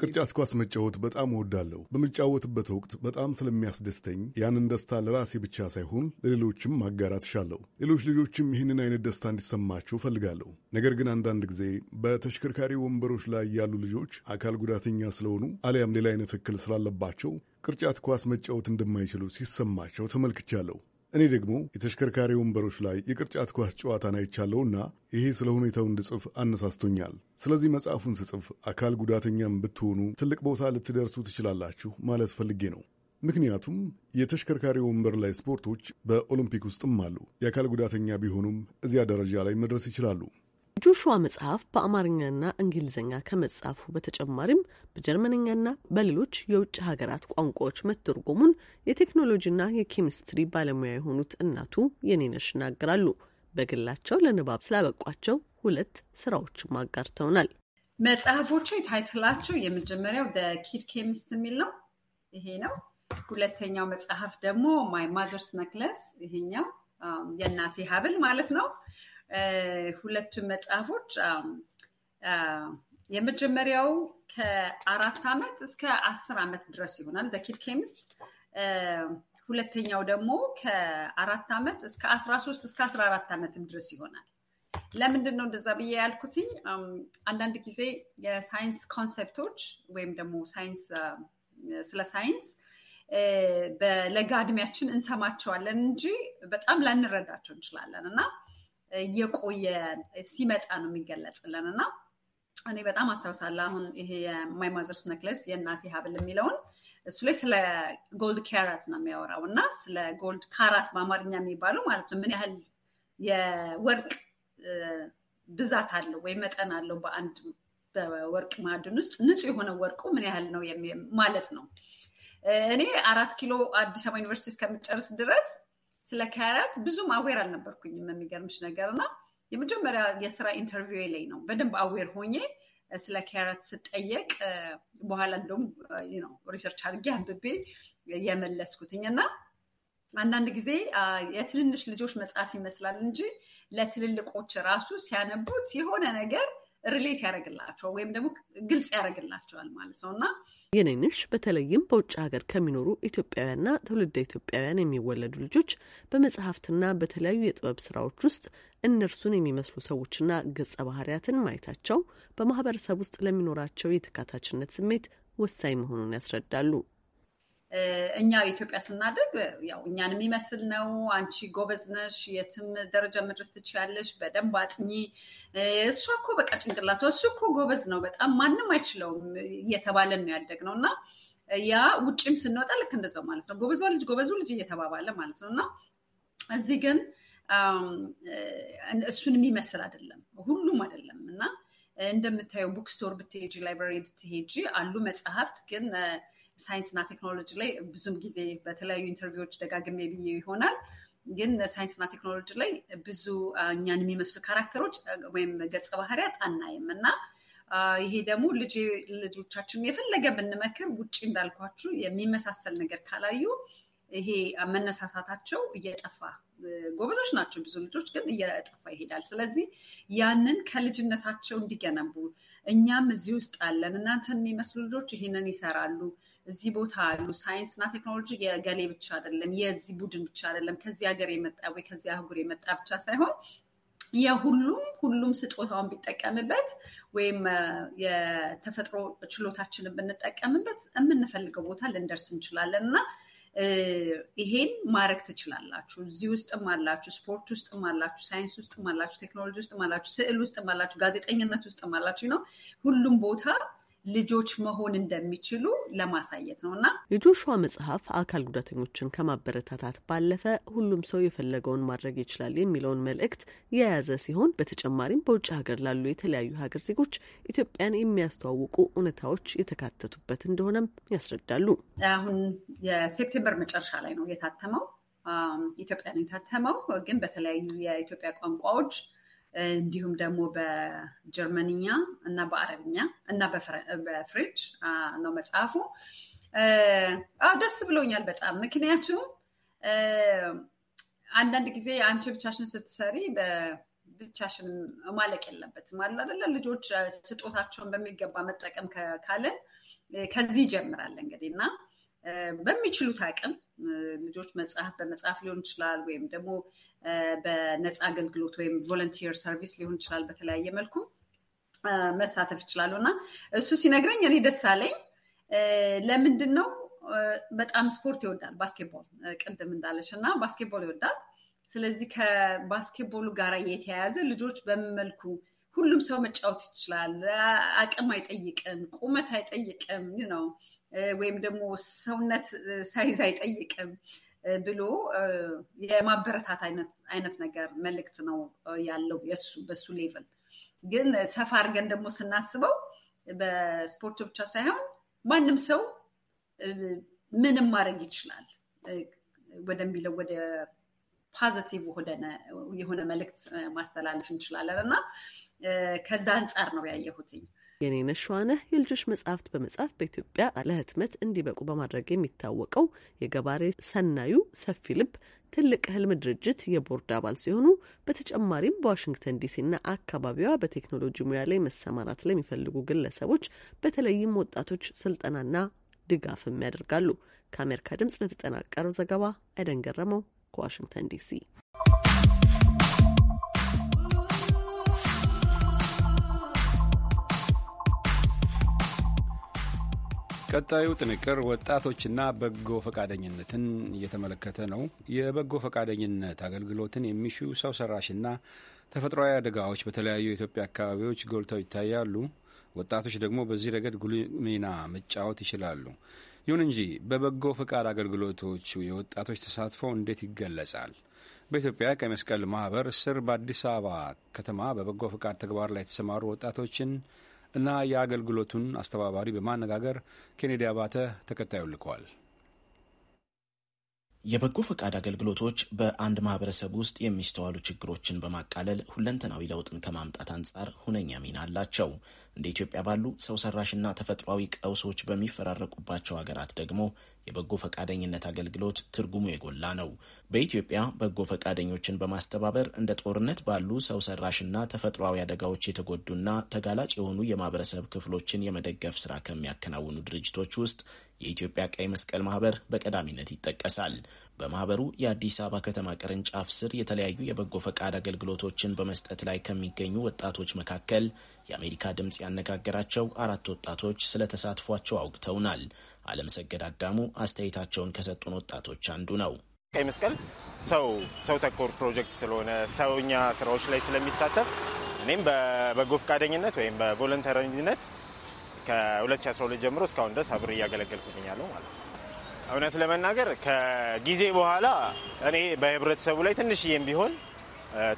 ቅርጫት ኳስ መጫወት በጣም እወዳለሁ። በምጫወትበት ወቅት በጣም ስለሚያስደስተኝ ያንን ደስታ ለራሴ ብቻ ሳይሆን ለሌሎችም ማጋራት እሻለሁ። ሌሎች ልጆችም ይህንን አይነት ደስታ እንዲሰማቸው እፈልጋለሁ። ነገር ግን አንዳንድ ጊዜ በተሽከርካሪ ወንበሮች ላይ ያሉ ልጆች አካል ጉዳተኛ ስለሆኑ አሊያም ሌላ አይነት እክል ስላለባቸው ቅርጫት ኳስ መጫወት እንደማይችሉ ሲሰማቸው ተመልክቻለሁ። እኔ ደግሞ የተሽከርካሪ ወንበሮች ላይ የቅርጫት ኳስ ጨዋታን አይቻለሁና ይሄ ስለ ሁኔታው እንድጽፍ አነሳስቶኛል። ስለዚህ መጽሐፉን ስጽፍ አካል ጉዳተኛም ብትሆኑ ትልቅ ቦታ ልትደርሱ ትችላላችሁ ማለት ፈልጌ ነው። ምክንያቱም የተሽከርካሪ ወንበር ላይ ስፖርቶች በኦሎምፒክ ውስጥም አሉ። የአካል ጉዳተኛ ቢሆኑም እዚያ ደረጃ ላይ መድረስ ይችላሉ። ጆሹዋ መጽሐፍ በአማርኛና እንግሊዝኛ ከመጻፉ በተጨማሪም በጀርመንኛና በሌሎች የውጭ ሀገራት ቋንቋዎች መተርጎሙን የቴክኖሎጂና የኬሚስትሪ ባለሙያ የሆኑት እናቱ የኔነሽ ይናገራሉ። በግላቸው ለንባብ ስላበቋቸው ሁለት ስራዎችም አጋርተውናል። መጽሐፎቹ የታይትላቸው የመጀመሪያው ኪድ ኬሚስት የሚል ነው። ይሄ ነው። ሁለተኛው መጽሐፍ ደግሞ ማይ ማዘርስ ነክለስ፣ ይሄኛው የእናቴ ሀብል ማለት ነው። ሁለቱን መጽሐፎች የመጀመሪያው ከአራት ዓመት እስከ አስር ዓመት ድረስ ይሆናል በኪድ ኬሚስት ሁለተኛው ደግሞ ከአራት ዓመት እስከ አስራ ሶስት እስከ አስራ አራት ዓመትም ድረስ ይሆናል ለምንድን ነው እንደዛ ብዬ ያልኩትኝ አንዳንድ ጊዜ የሳይንስ ኮንሰፕቶች ወይም ደግሞ ሳይንስ ስለ ሳይንስ በለጋ እድሜያችን እንሰማቸዋለን እንጂ በጣም ላንረዳቸው እንችላለን እና እየቆየ ሲመጣ ነው የሚገለጽልን እና እኔ በጣም አስታውሳለሁ። አሁን ይሄ የማይ ማዘርስ ነክለስ የእናቴ ሀብል የሚለውን እሱ ላይ ስለ ጎልድ ካራት ነው የሚያወራው እና ስለ ጎልድ ካራት በአማርኛ የሚባለው ማለት ነው ምን ያህል የወርቅ ብዛት አለው ወይም መጠን አለው በአንድ በወርቅ ማዕድን ውስጥ ንጹህ የሆነ ወርቁ ምን ያህል ነው ማለት ነው። እኔ አራት ኪሎ አዲስ አበባ ዩኒቨርሲቲ እስከምጨርስ ድረስ ስለ ካራት ብዙም አዌር አልነበርኩኝም የሚገርምሽ ነገር እና የመጀመሪያ የስራ ኢንተርቪው ላይ ነው በደንብ አዌር ሆኜ ስለ ካራት ስጠየቅ በኋላ እንደውም ሪሰርች አድርጌ አንብቤ የመለስኩትኝ እና አንዳንድ ጊዜ የትንንሽ ልጆች መጽሐፍ ይመስላል እንጂ ለትልልቆች ራሱ ሲያነቡት የሆነ ነገር ሪሌት ያደርግላቸው ወይም ደግሞ ግልጽ ያደርግላቸዋል ማለት ነው እና የኔንሽ በተለይም በውጭ ሀገር ከሚኖሩ ኢትዮጵያውያንና ትውልደ ኢትዮጵያውያን የሚወለዱ ልጆች በመጽሐፍትና በተለያዩ የጥበብ ስራዎች ውስጥ እነርሱን የሚመስሉ ሰዎችና ገጸ ባህሪያትን ማየታቸው በማህበረሰብ ውስጥ ለሚኖራቸው የተካታችነት ስሜት ወሳኝ መሆኑን ያስረዳሉ። እኛ ኢትዮጵያ ስናደግ ያው እኛን የሚመስል ነው። አንቺ ጎበዝ ነሽ፣ የትም ደረጃ መድረስ ትችያለሽ፣ በደንብ አጥኚ፣ እሷ እኮ በቃ ጭንቅላቷ እሱ እኮ ጎበዝ ነው፣ በጣም ማንም አይችለውም እየተባለን ነው ያደግ ነው እና ያ ውጭም ስንወጣ ልክ እንደዛው ማለት ነው። ጎበዟ ልጅ ጎበዙ ልጅ እየተባባለ ማለት ነው እና እዚህ ግን እሱን የሚመስል አይደለም፣ ሁሉም አይደለም እና እንደምታየው ቡክስቶር ብትሄጂ ላይብራሪ ብትሄጂ አሉ መጽሐፍት ግን ሳይንስና ቴክኖሎጂ ላይ ብዙም ጊዜ በተለያዩ ኢንተርቪዎች ደጋግሜ ብዬ ይሆናል ግን ሳይንስና ቴክኖሎጂ ላይ ብዙ እኛን የሚመስሉ ካራክተሮች ወይም ገጸ ባህሪያት አናይም እና ይሄ ደግሞ ልጆቻችን የፈለገ ብንመክር ውጭ እንዳልኳችሁ የሚመሳሰል ነገር ካላዩ ይሄ መነሳሳታቸው እየጠፋ ጎበዞች ናቸው ብዙ ልጆች ግን እየጠፋ ይሄዳል። ስለዚህ ያንን ከልጅነታቸው እንዲገነቡ እኛም እዚህ ውስጥ አለን። እናንተ የሚመስሉ ልጆች ይሄንን ይሰራሉ እዚህ ቦታ አሉ። ሳይንስና ቴክኖሎጂ የገሌ ብቻ አይደለም፣ የዚህ ቡድን ብቻ አይደለም፣ ከዚህ ሀገር የመጣ ወይ ከዚህ አህጉር የመጣ ብቻ ሳይሆን የሁሉም ሁሉም ስጦታውን ቢጠቀምበት ወይም የተፈጥሮ ችሎታችንን ብንጠቀምበት የምንፈልገው ቦታ ልንደርስ እንችላለን እና ይሄን ማድረግ ትችላላችሁ። እዚህ ውስጥም አላችሁ፣ ስፖርት ውስጥም አላችሁ፣ ሳይንስ ውስጥም አላችሁ፣ ቴክኖሎጂ ውስጥም አላችሁ፣ ስዕል ውስጥም አላችሁ፣ ጋዜጠኝነት ውስጥም አላችሁ ነው ሁሉም ቦታ ልጆች መሆን እንደሚችሉ ለማሳየት ነው እና የጆሹዋ መጽሐፍ አካል ጉዳተኞችን ከማበረታታት ባለፈ ሁሉም ሰው የፈለገውን ማድረግ ይችላል የሚለውን መልእክት የያዘ ሲሆን በተጨማሪም በውጭ ሀገር ላሉ የተለያዩ ሀገር ዜጎች ኢትዮጵያን የሚያስተዋውቁ እውነታዎች የተካተቱበት እንደሆነም ያስረዳሉ። አሁን የሴፕቴምበር መጨረሻ ላይ ነው የታተመው። ኢትዮጵያ ነው የታተመው፣ ግን በተለያዩ የኢትዮጵያ ቋንቋዎች እንዲሁም ደግሞ በጀርመንኛ እና በአረብኛ እና በፍሬንች ነው መጽሐፉ። ደስ ብሎኛል በጣም ምክንያቱም አንዳንድ ጊዜ አንቺ ብቻሽን ስትሰሪ ብቻሽን ማለቅ የለበትም አለ አይደለ? ልጆች ስጦታቸውን በሚገባ መጠቀም ካለን ከዚህ ይጀምራል እንግዲህ እና በሚችሉት አቅም ልጆች መጽሐፍ በመጽሐፍ ሊሆን ይችላል፣ ወይም ደግሞ በነፃ አገልግሎት ወይም ቮለንቲየር ሰርቪስ ሊሆን ይችላል። በተለያየ መልኩ መሳተፍ ይችላሉ እና እሱ ሲነግረኝ እኔ ደስ አለኝ። ለምንድን ነው በጣም ስፖርት ይወዳል፣ ባስኬትቦል ቅድም እንዳለች እና ባስኬትቦል ይወዳል። ስለዚህ ከባስኬትቦሉ ጋር የተያያዘ ልጆች በምን መልኩ ሁሉም ሰው መጫወት ይችላል፣ አቅም አይጠይቅም፣ ቁመት አይጠይቅም ነው ወይም ደግሞ ሰውነት ሳይዝ አይጠይቅም ብሎ የማበረታት አይነት ነገር መልእክት ነው ያለው በሱ ሌቭል። ግን ሰፋ አድርገን ደግሞ ስናስበው በስፖርት ብቻ ሳይሆን ማንም ሰው ምንም ማድረግ ይችላል ወደሚለው ወደ ፓዘቲቭ የሆነ መልእክት ማስተላለፍ እንችላለን እና ከዛ አንጻር ነው ያየሁትኝ። የኔነሽ ሸዋነህ የልጆች መጽሐፍት በመጻፍ በኢትዮጵያ ለህትመት እንዲበቁ በማድረግ የሚታወቀው የገባሬ ሰናዩ ሰፊ ልብ ትልቅ ህልም ድርጅት የቦርድ አባል ሲሆኑ በተጨማሪም በዋሽንግተን ዲሲና አካባቢዋ በቴክኖሎጂ ሙያ ላይ መሰማራት ለሚፈልጉ ግለሰቦች በተለይም ወጣቶች ስልጠናና ድጋፍም ያደርጋሉ። ከአሜሪካ ድምጽ ለተጠናቀረው ዘገባ አይደን ገረመው ከዋሽንግተን ዲሲ ቀጣዩ ጥንቅር ወጣቶችና በጎ ፈቃደኝነትን እየተመለከተ ነው። የበጎ ፈቃደኝነት አገልግሎትን የሚሹ ሰው ሰራሽና ተፈጥሯዊ አደጋዎች በተለያዩ የኢትዮጵያ አካባቢዎች ጎልተው ይታያሉ። ወጣቶች ደግሞ በዚህ ረገድ ጉልህ ሚና መጫወት ይችላሉ። ይሁን እንጂ በበጎ ፈቃድ አገልግሎቶቹ የወጣቶች ተሳትፎ እንዴት ይገለጻል? በኢትዮጵያ ቀይ መስቀል ማህበር ስር በአዲስ አበባ ከተማ በበጎ ፈቃድ ተግባር ላይ የተሰማሩ ወጣቶችን እና የአገልግሎቱን አስተባባሪ በማነጋገር ኬኔዲ አባተ ተከታዩ ልከዋል። የበጎ ፈቃድ አገልግሎቶች በአንድ ማህበረሰብ ውስጥ የሚስተዋሉ ችግሮችን በማቃለል ሁለንተናዊ ለውጥን ከማምጣት አንጻር ሁነኛ ሚና አላቸው። እንደ ኢትዮጵያ ባሉ ሰው ሰራሽና ተፈጥሯዊ ቀውሶች በሚፈራረቁባቸው ሀገራት ደግሞ የበጎ ፈቃደኝነት አገልግሎት ትርጉሙ የጎላ ነው። በኢትዮጵያ በጎ ፈቃደኞችን በማስተባበር እንደ ጦርነት ባሉ ሰው ሰራሽና ተፈጥሯዊ አደጋዎች የተጎዱና ተጋላጭ የሆኑ የማህበረሰብ ክፍሎችን የመደገፍ ስራ ከሚያከናውኑ ድርጅቶች ውስጥ የኢትዮጵያ ቀይ መስቀል ማህበር በቀዳሚነት ይጠቀሳል። በማህበሩ የአዲስ አበባ ከተማ ቅርንጫፍ ስር የተለያዩ የበጎ ፈቃድ አገልግሎቶችን በመስጠት ላይ ከሚገኙ ወጣቶች መካከል የአሜሪካ ድምፅ ያነጋገራቸው አራት ወጣቶች ስለተሳትፏቸው አውግተውናል። አለም ሰገድ አዳሙ አስተያየታቸውን ከሰጡን ወጣቶች አንዱ ነው። ቀይ መስቀል ሰው ሰው ተኮር ፕሮጀክት ስለሆነ ሰውኛ ስራዎች ላይ ስለሚሳተፍ እኔም በበጎ ፈቃደኝነት ወይም በቮለንተሪነት ከ2012 ጀምሮ እስካሁን ድረስ አብር እያገለገልኩኝ ማለት ነው። እውነት ለመናገር ከጊዜ በኋላ እኔ በህብረተሰቡ ላይ ትንሽዬም ቢሆን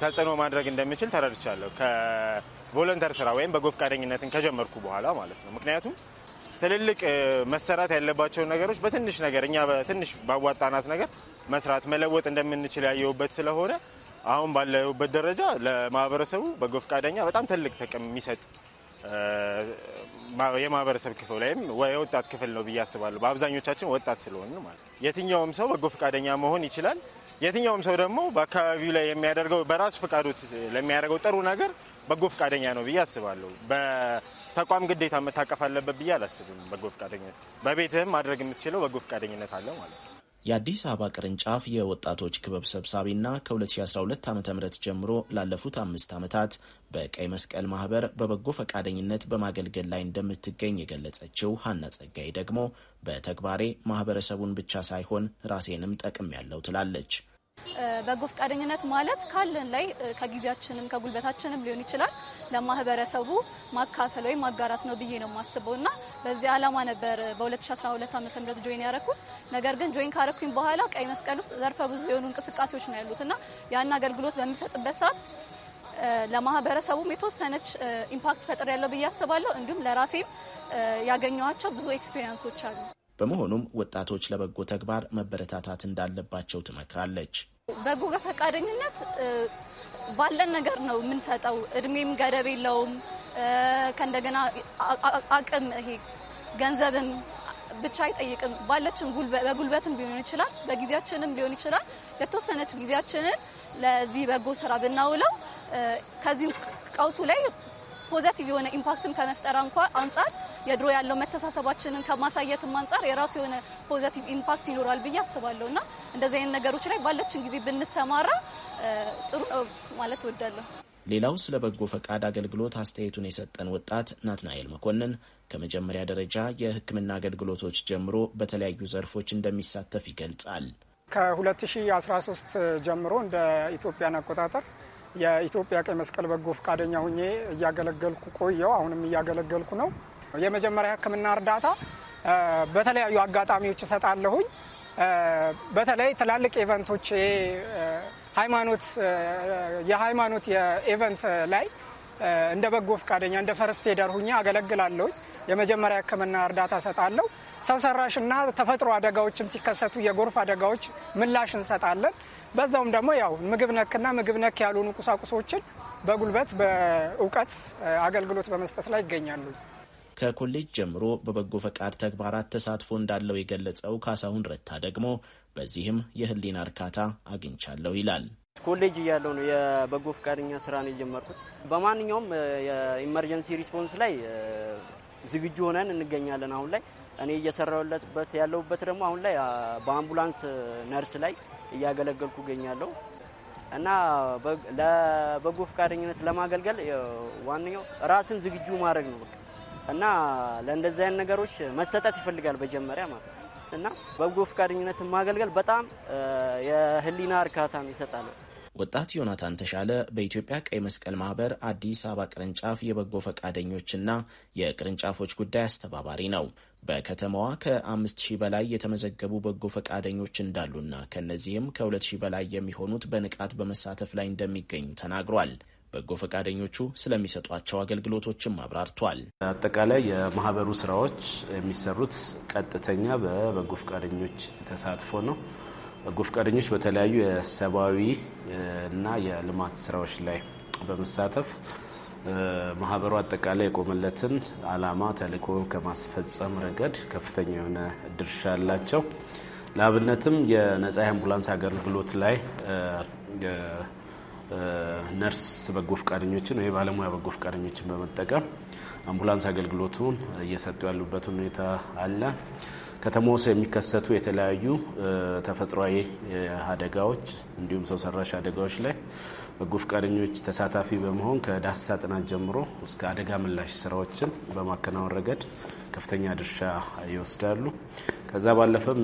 ተጽዕኖ ማድረግ እንደምችል ተረድቻለሁ። ከቮለንተር ስራ ወይም በጎ ፈቃደኝነትን ከጀመርኩ በኋላ ማለት ነው። ምክንያቱም ትልልቅ መሰራት ያለባቸውን ነገሮች በትንሽ ነገር እኛ በትንሽ ባዋጣናት ነገር መስራት መለወጥ እንደምንችል ያየሁበት ስለሆነ አሁን ባለሁበት ደረጃ ለማህበረሰቡ በጎ ፈቃደኛ በጣም ትልቅ ጥቅም የሚሰጥ የማህበረሰብ ክፍል ወይም የወጣት ክፍል ነው ብዬ አስባለሁ። በአብዛኞቻችን ወጣት ስለሆን ማለት ነው። የትኛውም ሰው በጎ ፈቃደኛ መሆን ይችላል። የትኛውም ሰው ደግሞ በአካባቢው ላይ የሚያደርገው በራሱ ፈቃዱ ለሚያደርገው ጥሩ ነገር በጎ ፈቃደኛ ነው ብዬ አስባለሁ። በተቋም ግዴታ መታቀፍ አለበት ብዬ አላስብም። በጎ ፈቃደኝነት በቤትህም ማድረግ የምትችለው በጎ ፈቃደኝነት አለ ማለት ነው። የአዲስ አበባ ቅርንጫፍ የወጣቶች ክበብ ሰብሳቢና ከ2012 ዓ ም ጀምሮ ላለፉት አምስት ዓመታት በቀይ መስቀል ማህበር በበጎ ፈቃደኝነት በማገልገል ላይ እንደምትገኝ የገለጸችው ሀና ጸጋይ ደግሞ በተግባሬ ማህበረሰቡን ብቻ ሳይሆን ራሴንም ጠቅም ያለው ትላለች። በጎ ፈቃደኝነት ማለት ካለን ላይ ከጊዜያችንም ከጉልበታችንም ሊሆን ይችላል ለማህበረሰቡ ማካፈል ወይም ማጋራት ነው ብዬ ነው የማስበው እና በዚህ ዓላማ ነበር በ2012 ዓ ም ጆይን ያረኩት። ነገር ግን ጆይን ካረኩኝ በኋላ ቀይ መስቀል ውስጥ ዘርፈ ብዙ የሆኑ እንቅስቃሴዎች ነው ያሉት እና ያን አገልግሎት በሚሰጥበት ሰዓት ለማህበረሰቡም የተወሰነች ኢምፓክት ፈጥር ያለው ብዬ አስባለሁ። እንዲሁም ለራሴም ያገኘኋቸው ብዙ ኤክስፔሪንሶች አሉ። በመሆኑም ወጣቶች ለበጎ ተግባር መበረታታት እንዳለባቸው ትመክራለች። በጎ ፈቃደኝነት ባለን ነገር ነው የምንሰጠው። እድሜም ገደብ የለውም። ከእንደገና አቅም ይሄ ገንዘብም ብቻ አይጠይቅም። ባለችን በጉልበትም ሊሆን ይችላል፣ በጊዜያችንም ሊሆን ይችላል። የተወሰነች ጊዜያችንን ለዚህ በጎ ስራ ብናውለው ከዚህም ቀውሱ ላይ ፖዘቲቭ የሆነ ኢምፓክትን ከመፍጠር እንኳ አንጻር የድሮ ያለው መተሳሰባችንን ከማሳየትም አንጻር የራሱ የሆነ ፖዘቲቭ ኢምፓክት ይኖራል ብዬ አስባለሁ እና እንደዚህ አይነት ነገሮች ላይ ባለችን ጊዜ ብንሰማራ ጥሩ ነው ማለት እወዳለሁ። ሌላው ስለ በጎ ፈቃድ አገልግሎት አስተያየቱን የሰጠን ወጣት ናትናኤል መኮንን ከመጀመሪያ ደረጃ የሕክምና አገልግሎቶች ጀምሮ በተለያዩ ዘርፎች እንደሚሳተፍ ይገልጻል። ከ2013 ጀምሮ እንደ ኢትዮጵያን አቆጣጠር የኢትዮጵያ ቀይ መስቀል በጎ ፈቃደኛ ሁኜ እያገለገልኩ ቆየው። አሁንም እያገለገልኩ ነው። የመጀመሪያ ሕክምና እርዳታ በተለያዩ አጋጣሚዎች እሰጣለሁኝ። በተለይ ትላልቅ ኢቨንቶች ሃይማኖት የሃይማኖት የኢቨንት ላይ እንደ በጎ ፈቃደኛ እንደ ፈርስት ኤደር ሁኜ አገለግላለሁኝ። የመጀመሪያ ሕክምና እርዳታ እሰጣለሁ። ሰው ሰራሽና ተፈጥሮ አደጋዎችም ሲከሰቱ የጎርፍ አደጋዎች ምላሽ እንሰጣለን። በዛውም ደግሞ ያው ምግብ ነክና ምግብ ነክ ያልሆኑ ቁሳቁሶችን በጉልበት በእውቀት አገልግሎት በመስጠት ላይ ይገኛሉ። ከኮሌጅ ጀምሮ በበጎ ፈቃድ ተግባራት ተሳትፎ እንዳለው የገለጸው ካሳሁን ረታ ደግሞ በዚህም የህሊና እርካታ አግኝቻለሁ ይላል። ኮሌጅ እያለው ነው የበጎ ፈቃደኛ ስራ ነው የጀመርኩት። በማንኛውም የኢመርጀንሲ ሪስፖንስ ላይ ዝግጁ ሆነን እንገኛለን አሁን ላይ እኔ እየሰራሁለትበት ያለሁበት ደግሞ አሁን ላይ በአምቡላንስ ነርስ ላይ እያገለገልኩ እገኛለሁ እና ለበጎ ፈቃደኝነት ለማገልገል ዋነኛው ራስን ዝግጁ ማድረግ ነው እና ለእንደዚህ አይነት ነገሮች መሰጠት ይፈልጋል መጀመሪያ ማለት እና በጎ ፈቃደኝነትን ማገልገል በጣም የህሊና እርካታን ይሰጣል። ወጣት ዮናታን ተሻለ በኢትዮጵያ ቀይ መስቀል ማህበር አዲስ አበባ ቅርንጫፍ የበጎ ፈቃደኞችና የቅርንጫፎች ጉዳይ አስተባባሪ ነው። በከተማዋ ከአምስት ሺህ በላይ የተመዘገቡ በጎ ፈቃደኞች እንዳሉና ከእነዚህም ከሁለት ሺህ በላይ የሚሆኑት በንቃት በመሳተፍ ላይ እንደሚገኙ ተናግሯል። በጎ ፈቃደኞቹ ስለሚሰጧቸው አገልግሎቶችም አብራርቷል። አጠቃላይ የማህበሩ ስራዎች የሚሰሩት ቀጥተኛ በበጎ ፈቃደኞች ተሳትፎ ነው። በጎ ፈቃደኞች በተለያዩ የሰብአዊ እና የልማት ስራዎች ላይ በመሳተፍ ማህበሩ አጠቃላይ የቆመለትን አላማ ተልዕኮ ከማስፈጸም ረገድ ከፍተኛ የሆነ ድርሻ አላቸው። ለአብነትም የነጻ አምቡላንስ አገልግሎት ላይ ነርስ በጎ ፈቃደኞችን ወይም ባለሙያ በጎ ፈቃደኞችን በመጠቀም አምቡላንስ አገልግሎቱን እየሰጡ ያሉበት ሁኔታ አለ። ከተማ ውስጥ የሚከሰቱ የተለያዩ ተፈጥሯዊ አደጋዎች እንዲሁም ሰው ሰራሽ አደጋዎች ላይ በጎ ፈቃደኞች ተሳታፊ በመሆን ከዳሰሳ ጥናት ጀምሮ እስከ አደጋ ምላሽ ስራዎችን በማከናወን ረገድ ከፍተኛ ድርሻ ይወስዳሉ። ከዛ ባለፈም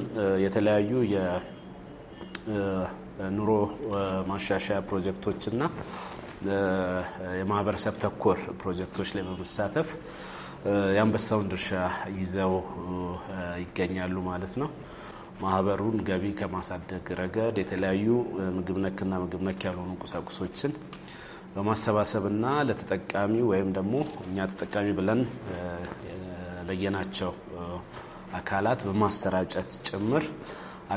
የተለያዩ የኑሮ ማሻሻያ ፕሮጀክቶችና የማህበረሰብ ተኮር ፕሮጀክቶች ላይ በመሳተፍ የአንበሳውን ድርሻ ይዘው ይገኛሉ ማለት ነው። ማህበሩን ገቢ ከማሳደግ ረገድ የተለያዩ ምግብ ነክና ምግብ ነክ ያልሆኑ ቁሳቁሶችን በማሰባሰብና ለተጠቃሚ ወይም ደግሞ እኛ ተጠቃሚ ብለን ለየናቸው አካላት በማሰራጨት ጭምር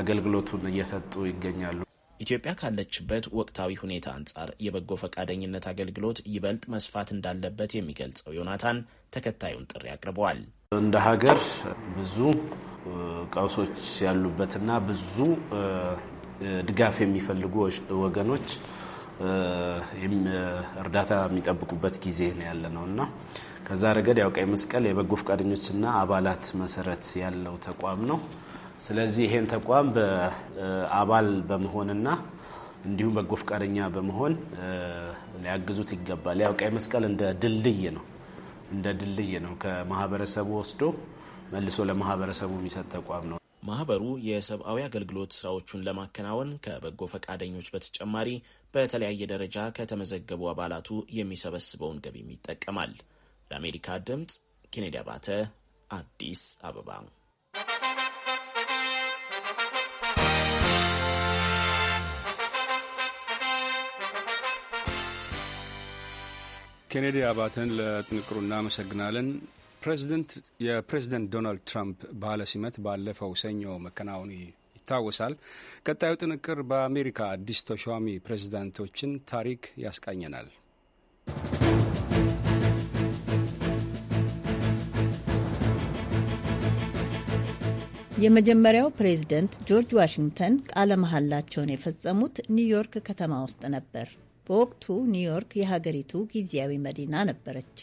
አገልግሎቱን እየሰጡ ይገኛሉ። ኢትዮጵያ ካለችበት ወቅታዊ ሁኔታ አንጻር የበጎ ፈቃደኝነት አገልግሎት ይበልጥ መስፋት እንዳለበት የሚገልጸው ዮናታን ተከታዩን ጥሪ አቅርበዋል። እንደ ሀገር ብዙ ቀውሶች ያሉበትና ብዙ ድጋፍ የሚፈልጉ ወገኖች እርዳታ የሚጠብቁበት ጊዜ ነው ያለ ነው እና ከዛ ረገድ ያው ቀይ መስቀል የበጎ ፈቃደኞችና አባላት መሰረት ያለው ተቋም ነው። ስለዚህ ይሄን ተቋም በአባል በመሆንና እንዲሁም በጎ ፈቃደኛ በመሆን ሊያግዙት ይገባል። ያው ቀይ መስቀል እንደ ድልድይ ነው እንደ ድልድይ ነው ከማህበረሰቡ ወስዶ መልሶ ለማህበረሰቡ የሚሰጥ ተቋም ነው። ማህበሩ የሰብአዊ አገልግሎት ስራዎቹን ለማከናወን ከበጎ ፈቃደኞች በተጨማሪ በተለያየ ደረጃ ከተመዘገቡ አባላቱ የሚሰበስበውን ገቢም ይጠቀማል። ለአሜሪካ ድምፅ ኬኔዲ አባተ አዲስ አበባ። ኬኔዲ አባተን ለጥንቅሩ እናመሰግናለን። የፕሬዚደንት ዶናልድ ትራምፕ ባለ ሲመት ባለፈው ሰኞ መከናወኑ ይታወሳል። ቀጣዩ ጥንቅር በአሜሪካ አዲስ ተሿሚ ፕሬዚዳንቶችን ታሪክ ያስቃኘናል። የመጀመሪያው ፕሬዝደንት ጆርጅ ዋሽንግተን ቃለ መሐላቸውን የፈጸሙት ኒውዮርክ ከተማ ውስጥ ነበር። በወቅቱ ኒውዮርክ የሀገሪቱ ጊዜያዊ መዲና ነበረች።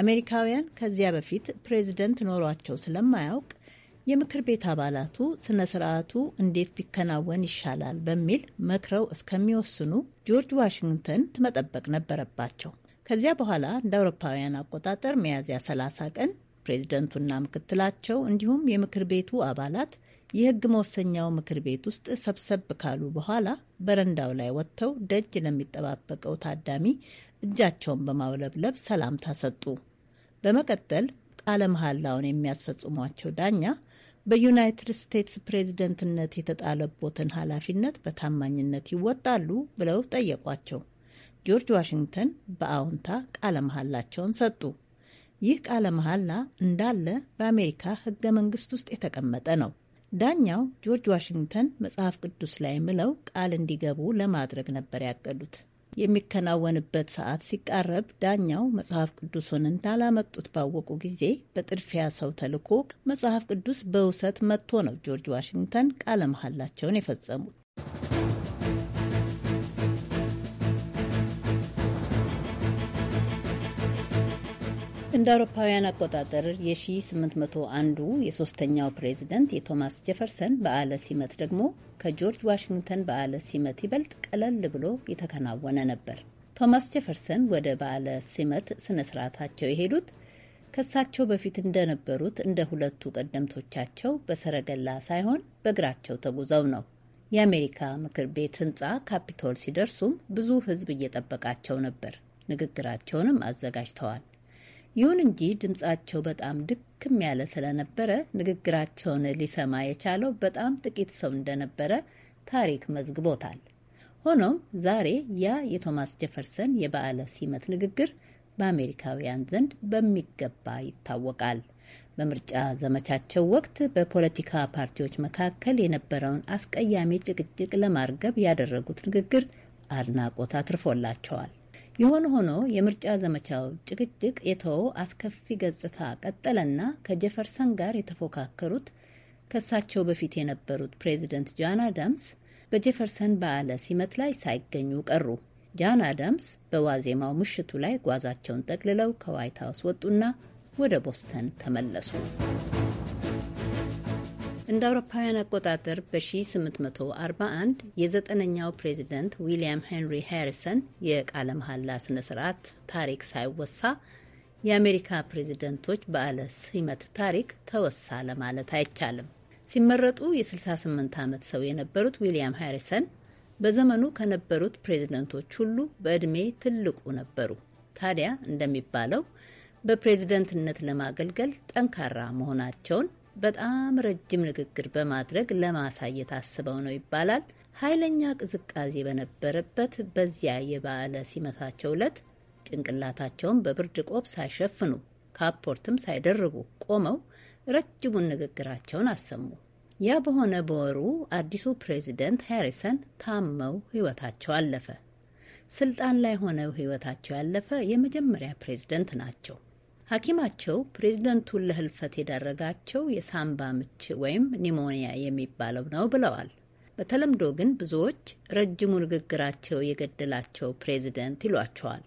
አሜሪካውያን ከዚያ በፊት ፕሬዝደንት ኖሯቸው ስለማያውቅ የምክር ቤት አባላቱ ስነ ስርዓቱ እንዴት ቢከናወን ይሻላል በሚል መክረው እስከሚወስኑ ጆርጅ ዋሽንግተን መጠበቅ ነበረባቸው። ከዚያ በኋላ እንደ አውሮፓውያን አቆጣጠር ሚያዝያ 30 ቀን ፕሬዝደንቱና ምክትላቸው እንዲሁም የምክር ቤቱ አባላት የህግ መወሰኛው ምክር ቤት ውስጥ ሰብሰብ ካሉ በኋላ በረንዳው ላይ ወጥተው ደጅ ለሚጠባበቀው ታዳሚ እጃቸውን በማውለብለብ ሰላምታ ሰጡ። በመቀጠል ቃለ መሐላውን የሚያስፈጽሟቸው ዳኛ በዩናይትድ ስቴትስ ፕሬዝደንትነት የተጣለቦትን ኃላፊነት በታማኝነት ይወጣሉ ብለው ጠየቋቸው። ጆርጅ ዋሽንግተን በአዎንታ ቃለ መሐላቸውን ሰጡ። ይህ ቃለ መሐላ እንዳለ በአሜሪካ ሕገ መንግስት ውስጥ የተቀመጠ ነው። ዳኛው ጆርጅ ዋሽንግተን መጽሐፍ ቅዱስ ላይ ምለው ቃል እንዲገቡ ለማድረግ ነበር ያቀዱት። የሚከናወንበት ሰዓት ሲቃረብ ዳኛው መጽሐፍ ቅዱሱን እንዳላመጡት ባወቁ ጊዜ በጥድፊያ ሰው ተልኮ መጽሐፍ ቅዱስ በውሰት መጥቶ ነው ጆርጅ ዋሽንግተን ቃለ መሐላቸውን የፈጸሙት። እንደ አውሮፓውያን አቆጣጠር የ1801ዱ የሶስተኛው ፕሬዚደንት የቶማስ ጄፈርሰን በዓለ ሲመት ደግሞ ከጆርጅ ዋሽንግተን በዓለ ሲመት ይበልጥ ቀለል ብሎ የተከናወነ ነበር። ቶማስ ጄፈርሰን ወደ በዓለ ሲመት ስነ ስርዓታቸው የሄዱት ከሳቸው በፊት እንደነበሩት እንደ ሁለቱ ቀደምቶቻቸው በሰረገላ ሳይሆን በእግራቸው ተጉዘው ነው። የአሜሪካ ምክር ቤት ህንፃ ካፒቶል ሲደርሱም ብዙ ህዝብ እየጠበቃቸው ነበር። ንግግራቸውንም አዘጋጅተዋል። ይሁን እንጂ ድምጻቸው በጣም ድክም ያለ ስለነበረ ንግግራቸውን ሊሰማ የቻለው በጣም ጥቂት ሰው እንደነበረ ታሪክ መዝግቦታል። ሆኖም ዛሬ ያ የቶማስ ጀፈርሰን የበዓለ ሲመት ንግግር በአሜሪካውያን ዘንድ በሚገባ ይታወቃል። በምርጫ ዘመቻቸው ወቅት በፖለቲካ ፓርቲዎች መካከል የነበረውን አስቀያሚ ጭቅጭቅ ለማርገብ ያደረጉት ንግግር አድናቆት አትርፎላቸዋል። የሆነ ሆኖ የምርጫ ዘመቻው ጭቅጭቅ የተወው አስከፊ ገጽታ ቀጠለና ከጀፈርሰን ጋር የተፎካከሩት ከሳቸው በፊት የነበሩት ፕሬዚደንት ጃን አዳምስ በጄፈርሰን በዓለ ሲመት ላይ ሳይገኙ ቀሩ። ጃን አዳምስ በዋዜማው ምሽቱ ላይ ጓዛቸውን ጠቅልለው ከዋይት ሀውስ ወጡና ወደ ቦስተን ተመለሱ። እንደ አውሮፓውያን አቆጣጠር በ1841 የዘጠነኛው ፕሬዚደንት ዊልያም ሄንሪ ሃሪሰን የቃለ መሐላ ስነ ስርዓት ታሪክ ሳይወሳ የአሜሪካ ፕሬዚደንቶች በዓለ ሲመት ታሪክ ተወሳ ለማለት አይቻልም። ሲመረጡ የ68 ዓመት ሰው የነበሩት ዊልያም ሃሪሰን በዘመኑ ከነበሩት ፕሬዚደንቶች ሁሉ በዕድሜ ትልቁ ነበሩ። ታዲያ እንደሚባለው በፕሬዝደንትነት ለማገልገል ጠንካራ መሆናቸውን በጣም ረጅም ንግግር በማድረግ ለማሳየት አስበው ነው ይባላል። ኃይለኛ ቅዝቃዜ በነበረበት በዚያ የበዓለ ሲመታቸው ዕለት ጭንቅላታቸውን በብርድ ቆብ ሳይሸፍኑ ካፖርትም ሳይደርቡ ቆመው ረጅሙን ንግግራቸውን አሰሙ። ያ በሆነ በወሩ አዲሱ ፕሬዚደንት ሃሪሰን ታመው ሕይወታቸው አለፈ። ስልጣን ላይ ሆነው ሕይወታቸው ያለፈ የመጀመሪያ ፕሬዝደንት ናቸው። ሐኪማቸው ፕሬዝደንቱን ለህልፈት የዳረጋቸው የሳምባ ምች ወይም ኒሞኒያ የሚባለው ነው ብለዋል። በተለምዶ ግን ብዙዎች ረጅሙ ንግግራቸው የገደላቸው ፕሬዝደንት ይሏቸዋል።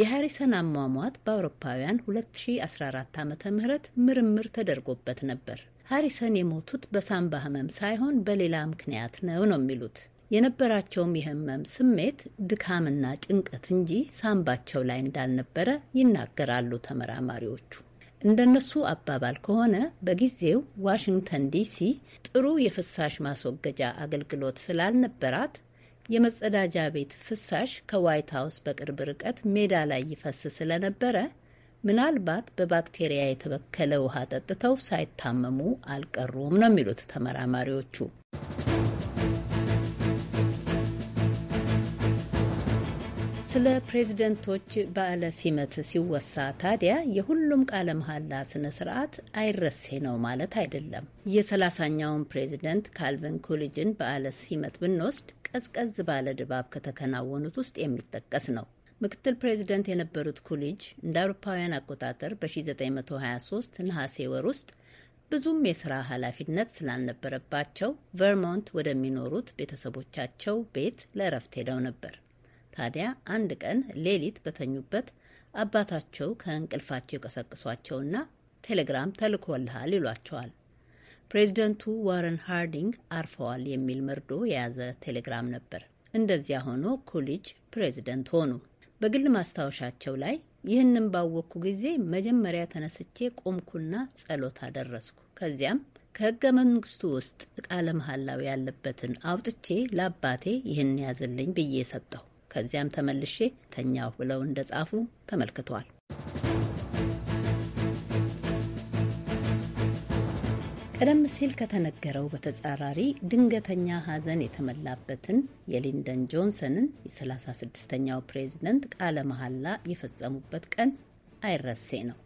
የሃሪሰን አሟሟት በአውሮፓውያን 2014 ዓ ም ምርምር ተደርጎበት ነበር። ሃሪሰን የሞቱት በሳምባ ህመም ሳይሆን በሌላ ምክንያት ነው ነው የሚሉት የነበራቸውም የህመም ስሜት ድካምና ጭንቀት እንጂ ሳምባቸው ላይ እንዳልነበረ ይናገራሉ ተመራማሪዎቹ። እንደነሱ አባባል ከሆነ በጊዜው ዋሽንግተን ዲሲ ጥሩ የፍሳሽ ማስወገጃ አገልግሎት ስላልነበራት የመጸዳጃ ቤት ፍሳሽ ከዋይት ሀውስ በቅርብ ርቀት ሜዳ ላይ ይፈስ ስለነበረ ምናልባት በባክቴሪያ የተበከለ ውሃ ጠጥተው ሳይታመሙ አልቀሩም ነው የሚሉት ተመራማሪዎቹ። ስለ ፕሬዝደንቶች በዓለ ሲመት ሲወሳ ታዲያ የሁሉም ቃለ መሐላ ስነ ስርዓት አይረሴ ነው ማለት አይደለም። የሰላሳኛውን ፕሬዝደንት ካልቪን ኮሊጅን በዓለ ሲመት ብንወስድ ቀዝቀዝ ባለ ድባብ ከተከናወኑት ውስጥ የሚጠቀስ ነው። ምክትል ፕሬዝደንት የነበሩት ኮሊጅ እንደ አውሮፓውያን አቆጣጠር በ1923 ነሐሴ ወር ውስጥ ብዙም የስራ ኃላፊነት ስላልነበረባቸው ቨርሞንት ወደሚኖሩት ቤተሰቦቻቸው ቤት ለእረፍት ሄደው ነበር። ታዲያ አንድ ቀን ሌሊት በተኙበት አባታቸው ከእንቅልፋቸው የቀሰቅሷቸውና ቴሌግራም ተልኮልሃል ይሏቸዋል። ፕሬዚደንቱ ዋረን ሃርዲንግ አርፈዋል የሚል መርዶ የያዘ ቴሌግራም ነበር። እንደዚያ ሆኖ ኮሊጅ ፕሬዚደንት ሆኑ። በግል ማስታወሻቸው ላይ ይህንን ባወቅኩ ጊዜ መጀመሪያ ተነስቼ ቆምኩና ጸሎት አደረስኩ። ከዚያም ከህገ መንግስቱ ውስጥ ቃለ መሐላው ያለበትን አውጥቼ ለአባቴ ይህን ያዝልኝ ብዬ ሰጠሁ። ከዚያም ተመልሼ ተኛሁ ብለው እንደጻፉ ተመልክቷል። ቀደም ሲል ከተነገረው በተጻራሪ ድንገተኛ ሐዘን የተመላበትን የሊንደን ጆንሰንን የ36ኛው ፕሬዝደንት ቃለ መሐላ የፈጸሙበት ቀን አይረሴ ነው።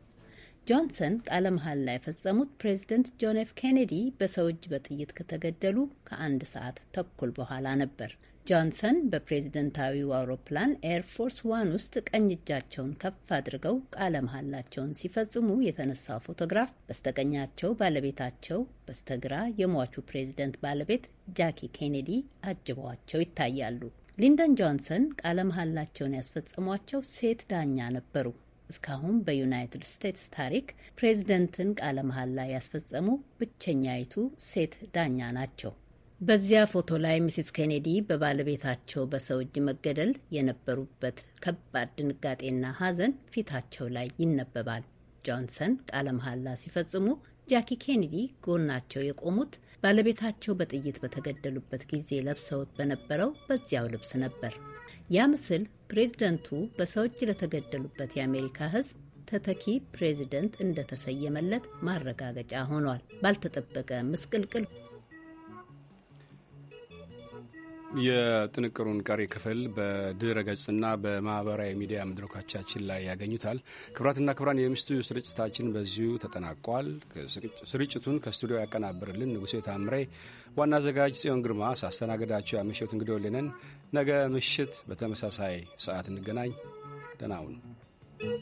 ጆንሰን ቃለ መሐላ የፈጸሙት ፕሬዝደንት ጆን ኤፍ ኬኔዲ በሰው እጅ በጥይት ከተገደሉ ከአንድ ሰዓት ተኩል በኋላ ነበር። ጆንሰን በፕሬዝደንታዊው አውሮፕላን ኤርፎርስ ዋን ውስጥ ቀኝ እጃቸውን ከፍ አድርገው ቃለ መሐላቸውን ሲፈጽሙ የተነሳው ፎቶግራፍ በስተቀኛቸው ባለቤታቸው፣ በስተግራ የሟቹ ፕሬዝደንት ባለቤት ጃኪ ኬኔዲ አጅበዋቸው ይታያሉ። ሊንደን ጆንሰን ቃለ መሐላቸውን ያስፈጸሟቸው ሴት ዳኛ ነበሩ። እስካሁን በዩናይትድ ስቴትስ ታሪክ ፕሬዝደንትን ቃለ መሐላ ያስፈጸሙ ብቸኛይቱ ሴት ዳኛ ናቸው። በዚያ ፎቶ ላይ ሚስስ ኬኔዲ በባለቤታቸው በሰው እጅ መገደል የነበሩበት ከባድ ድንጋጤና ሐዘን ፊታቸው ላይ ይነበባል። ጆንሰን ቃለ መሐላ ሲፈጽሙ ጃኪ ኬኔዲ ጎናቸው የቆሙት ባለቤታቸው በጥይት በተገደሉበት ጊዜ ለብሰውት በነበረው በዚያው ልብስ ነበር። ያ ምስል ፕሬዝደንቱ በሰው እጅ ለተገደሉበት የአሜሪካ ሕዝብ ተተኪ ፕሬዝደንት እንደተሰየመለት ማረጋገጫ ሆኗል። ባልተጠበቀ ምስቅልቅል የጥንቅሩን ቀሪ ክፍል በድረ ገጽና በማህበራዊ ሚዲያ መድረኮቻችን ላይ ያገኙታል። ክብራትና ክብራን የምሽቱ ስርጭታችን በዚሁ ተጠናቋል። ስርጭቱን ከስቱዲዮ ያቀናብርልን ንጉሴ ታምሬ፣ ዋና አዘጋጅ ጽዮን ግርማ፣ ሳስተናገዳቸው ያመሸሁት እንግዲህ ነገ ምሽት በተመሳሳይ ሰዓት እንገናኝ። ደህና ሁኑ።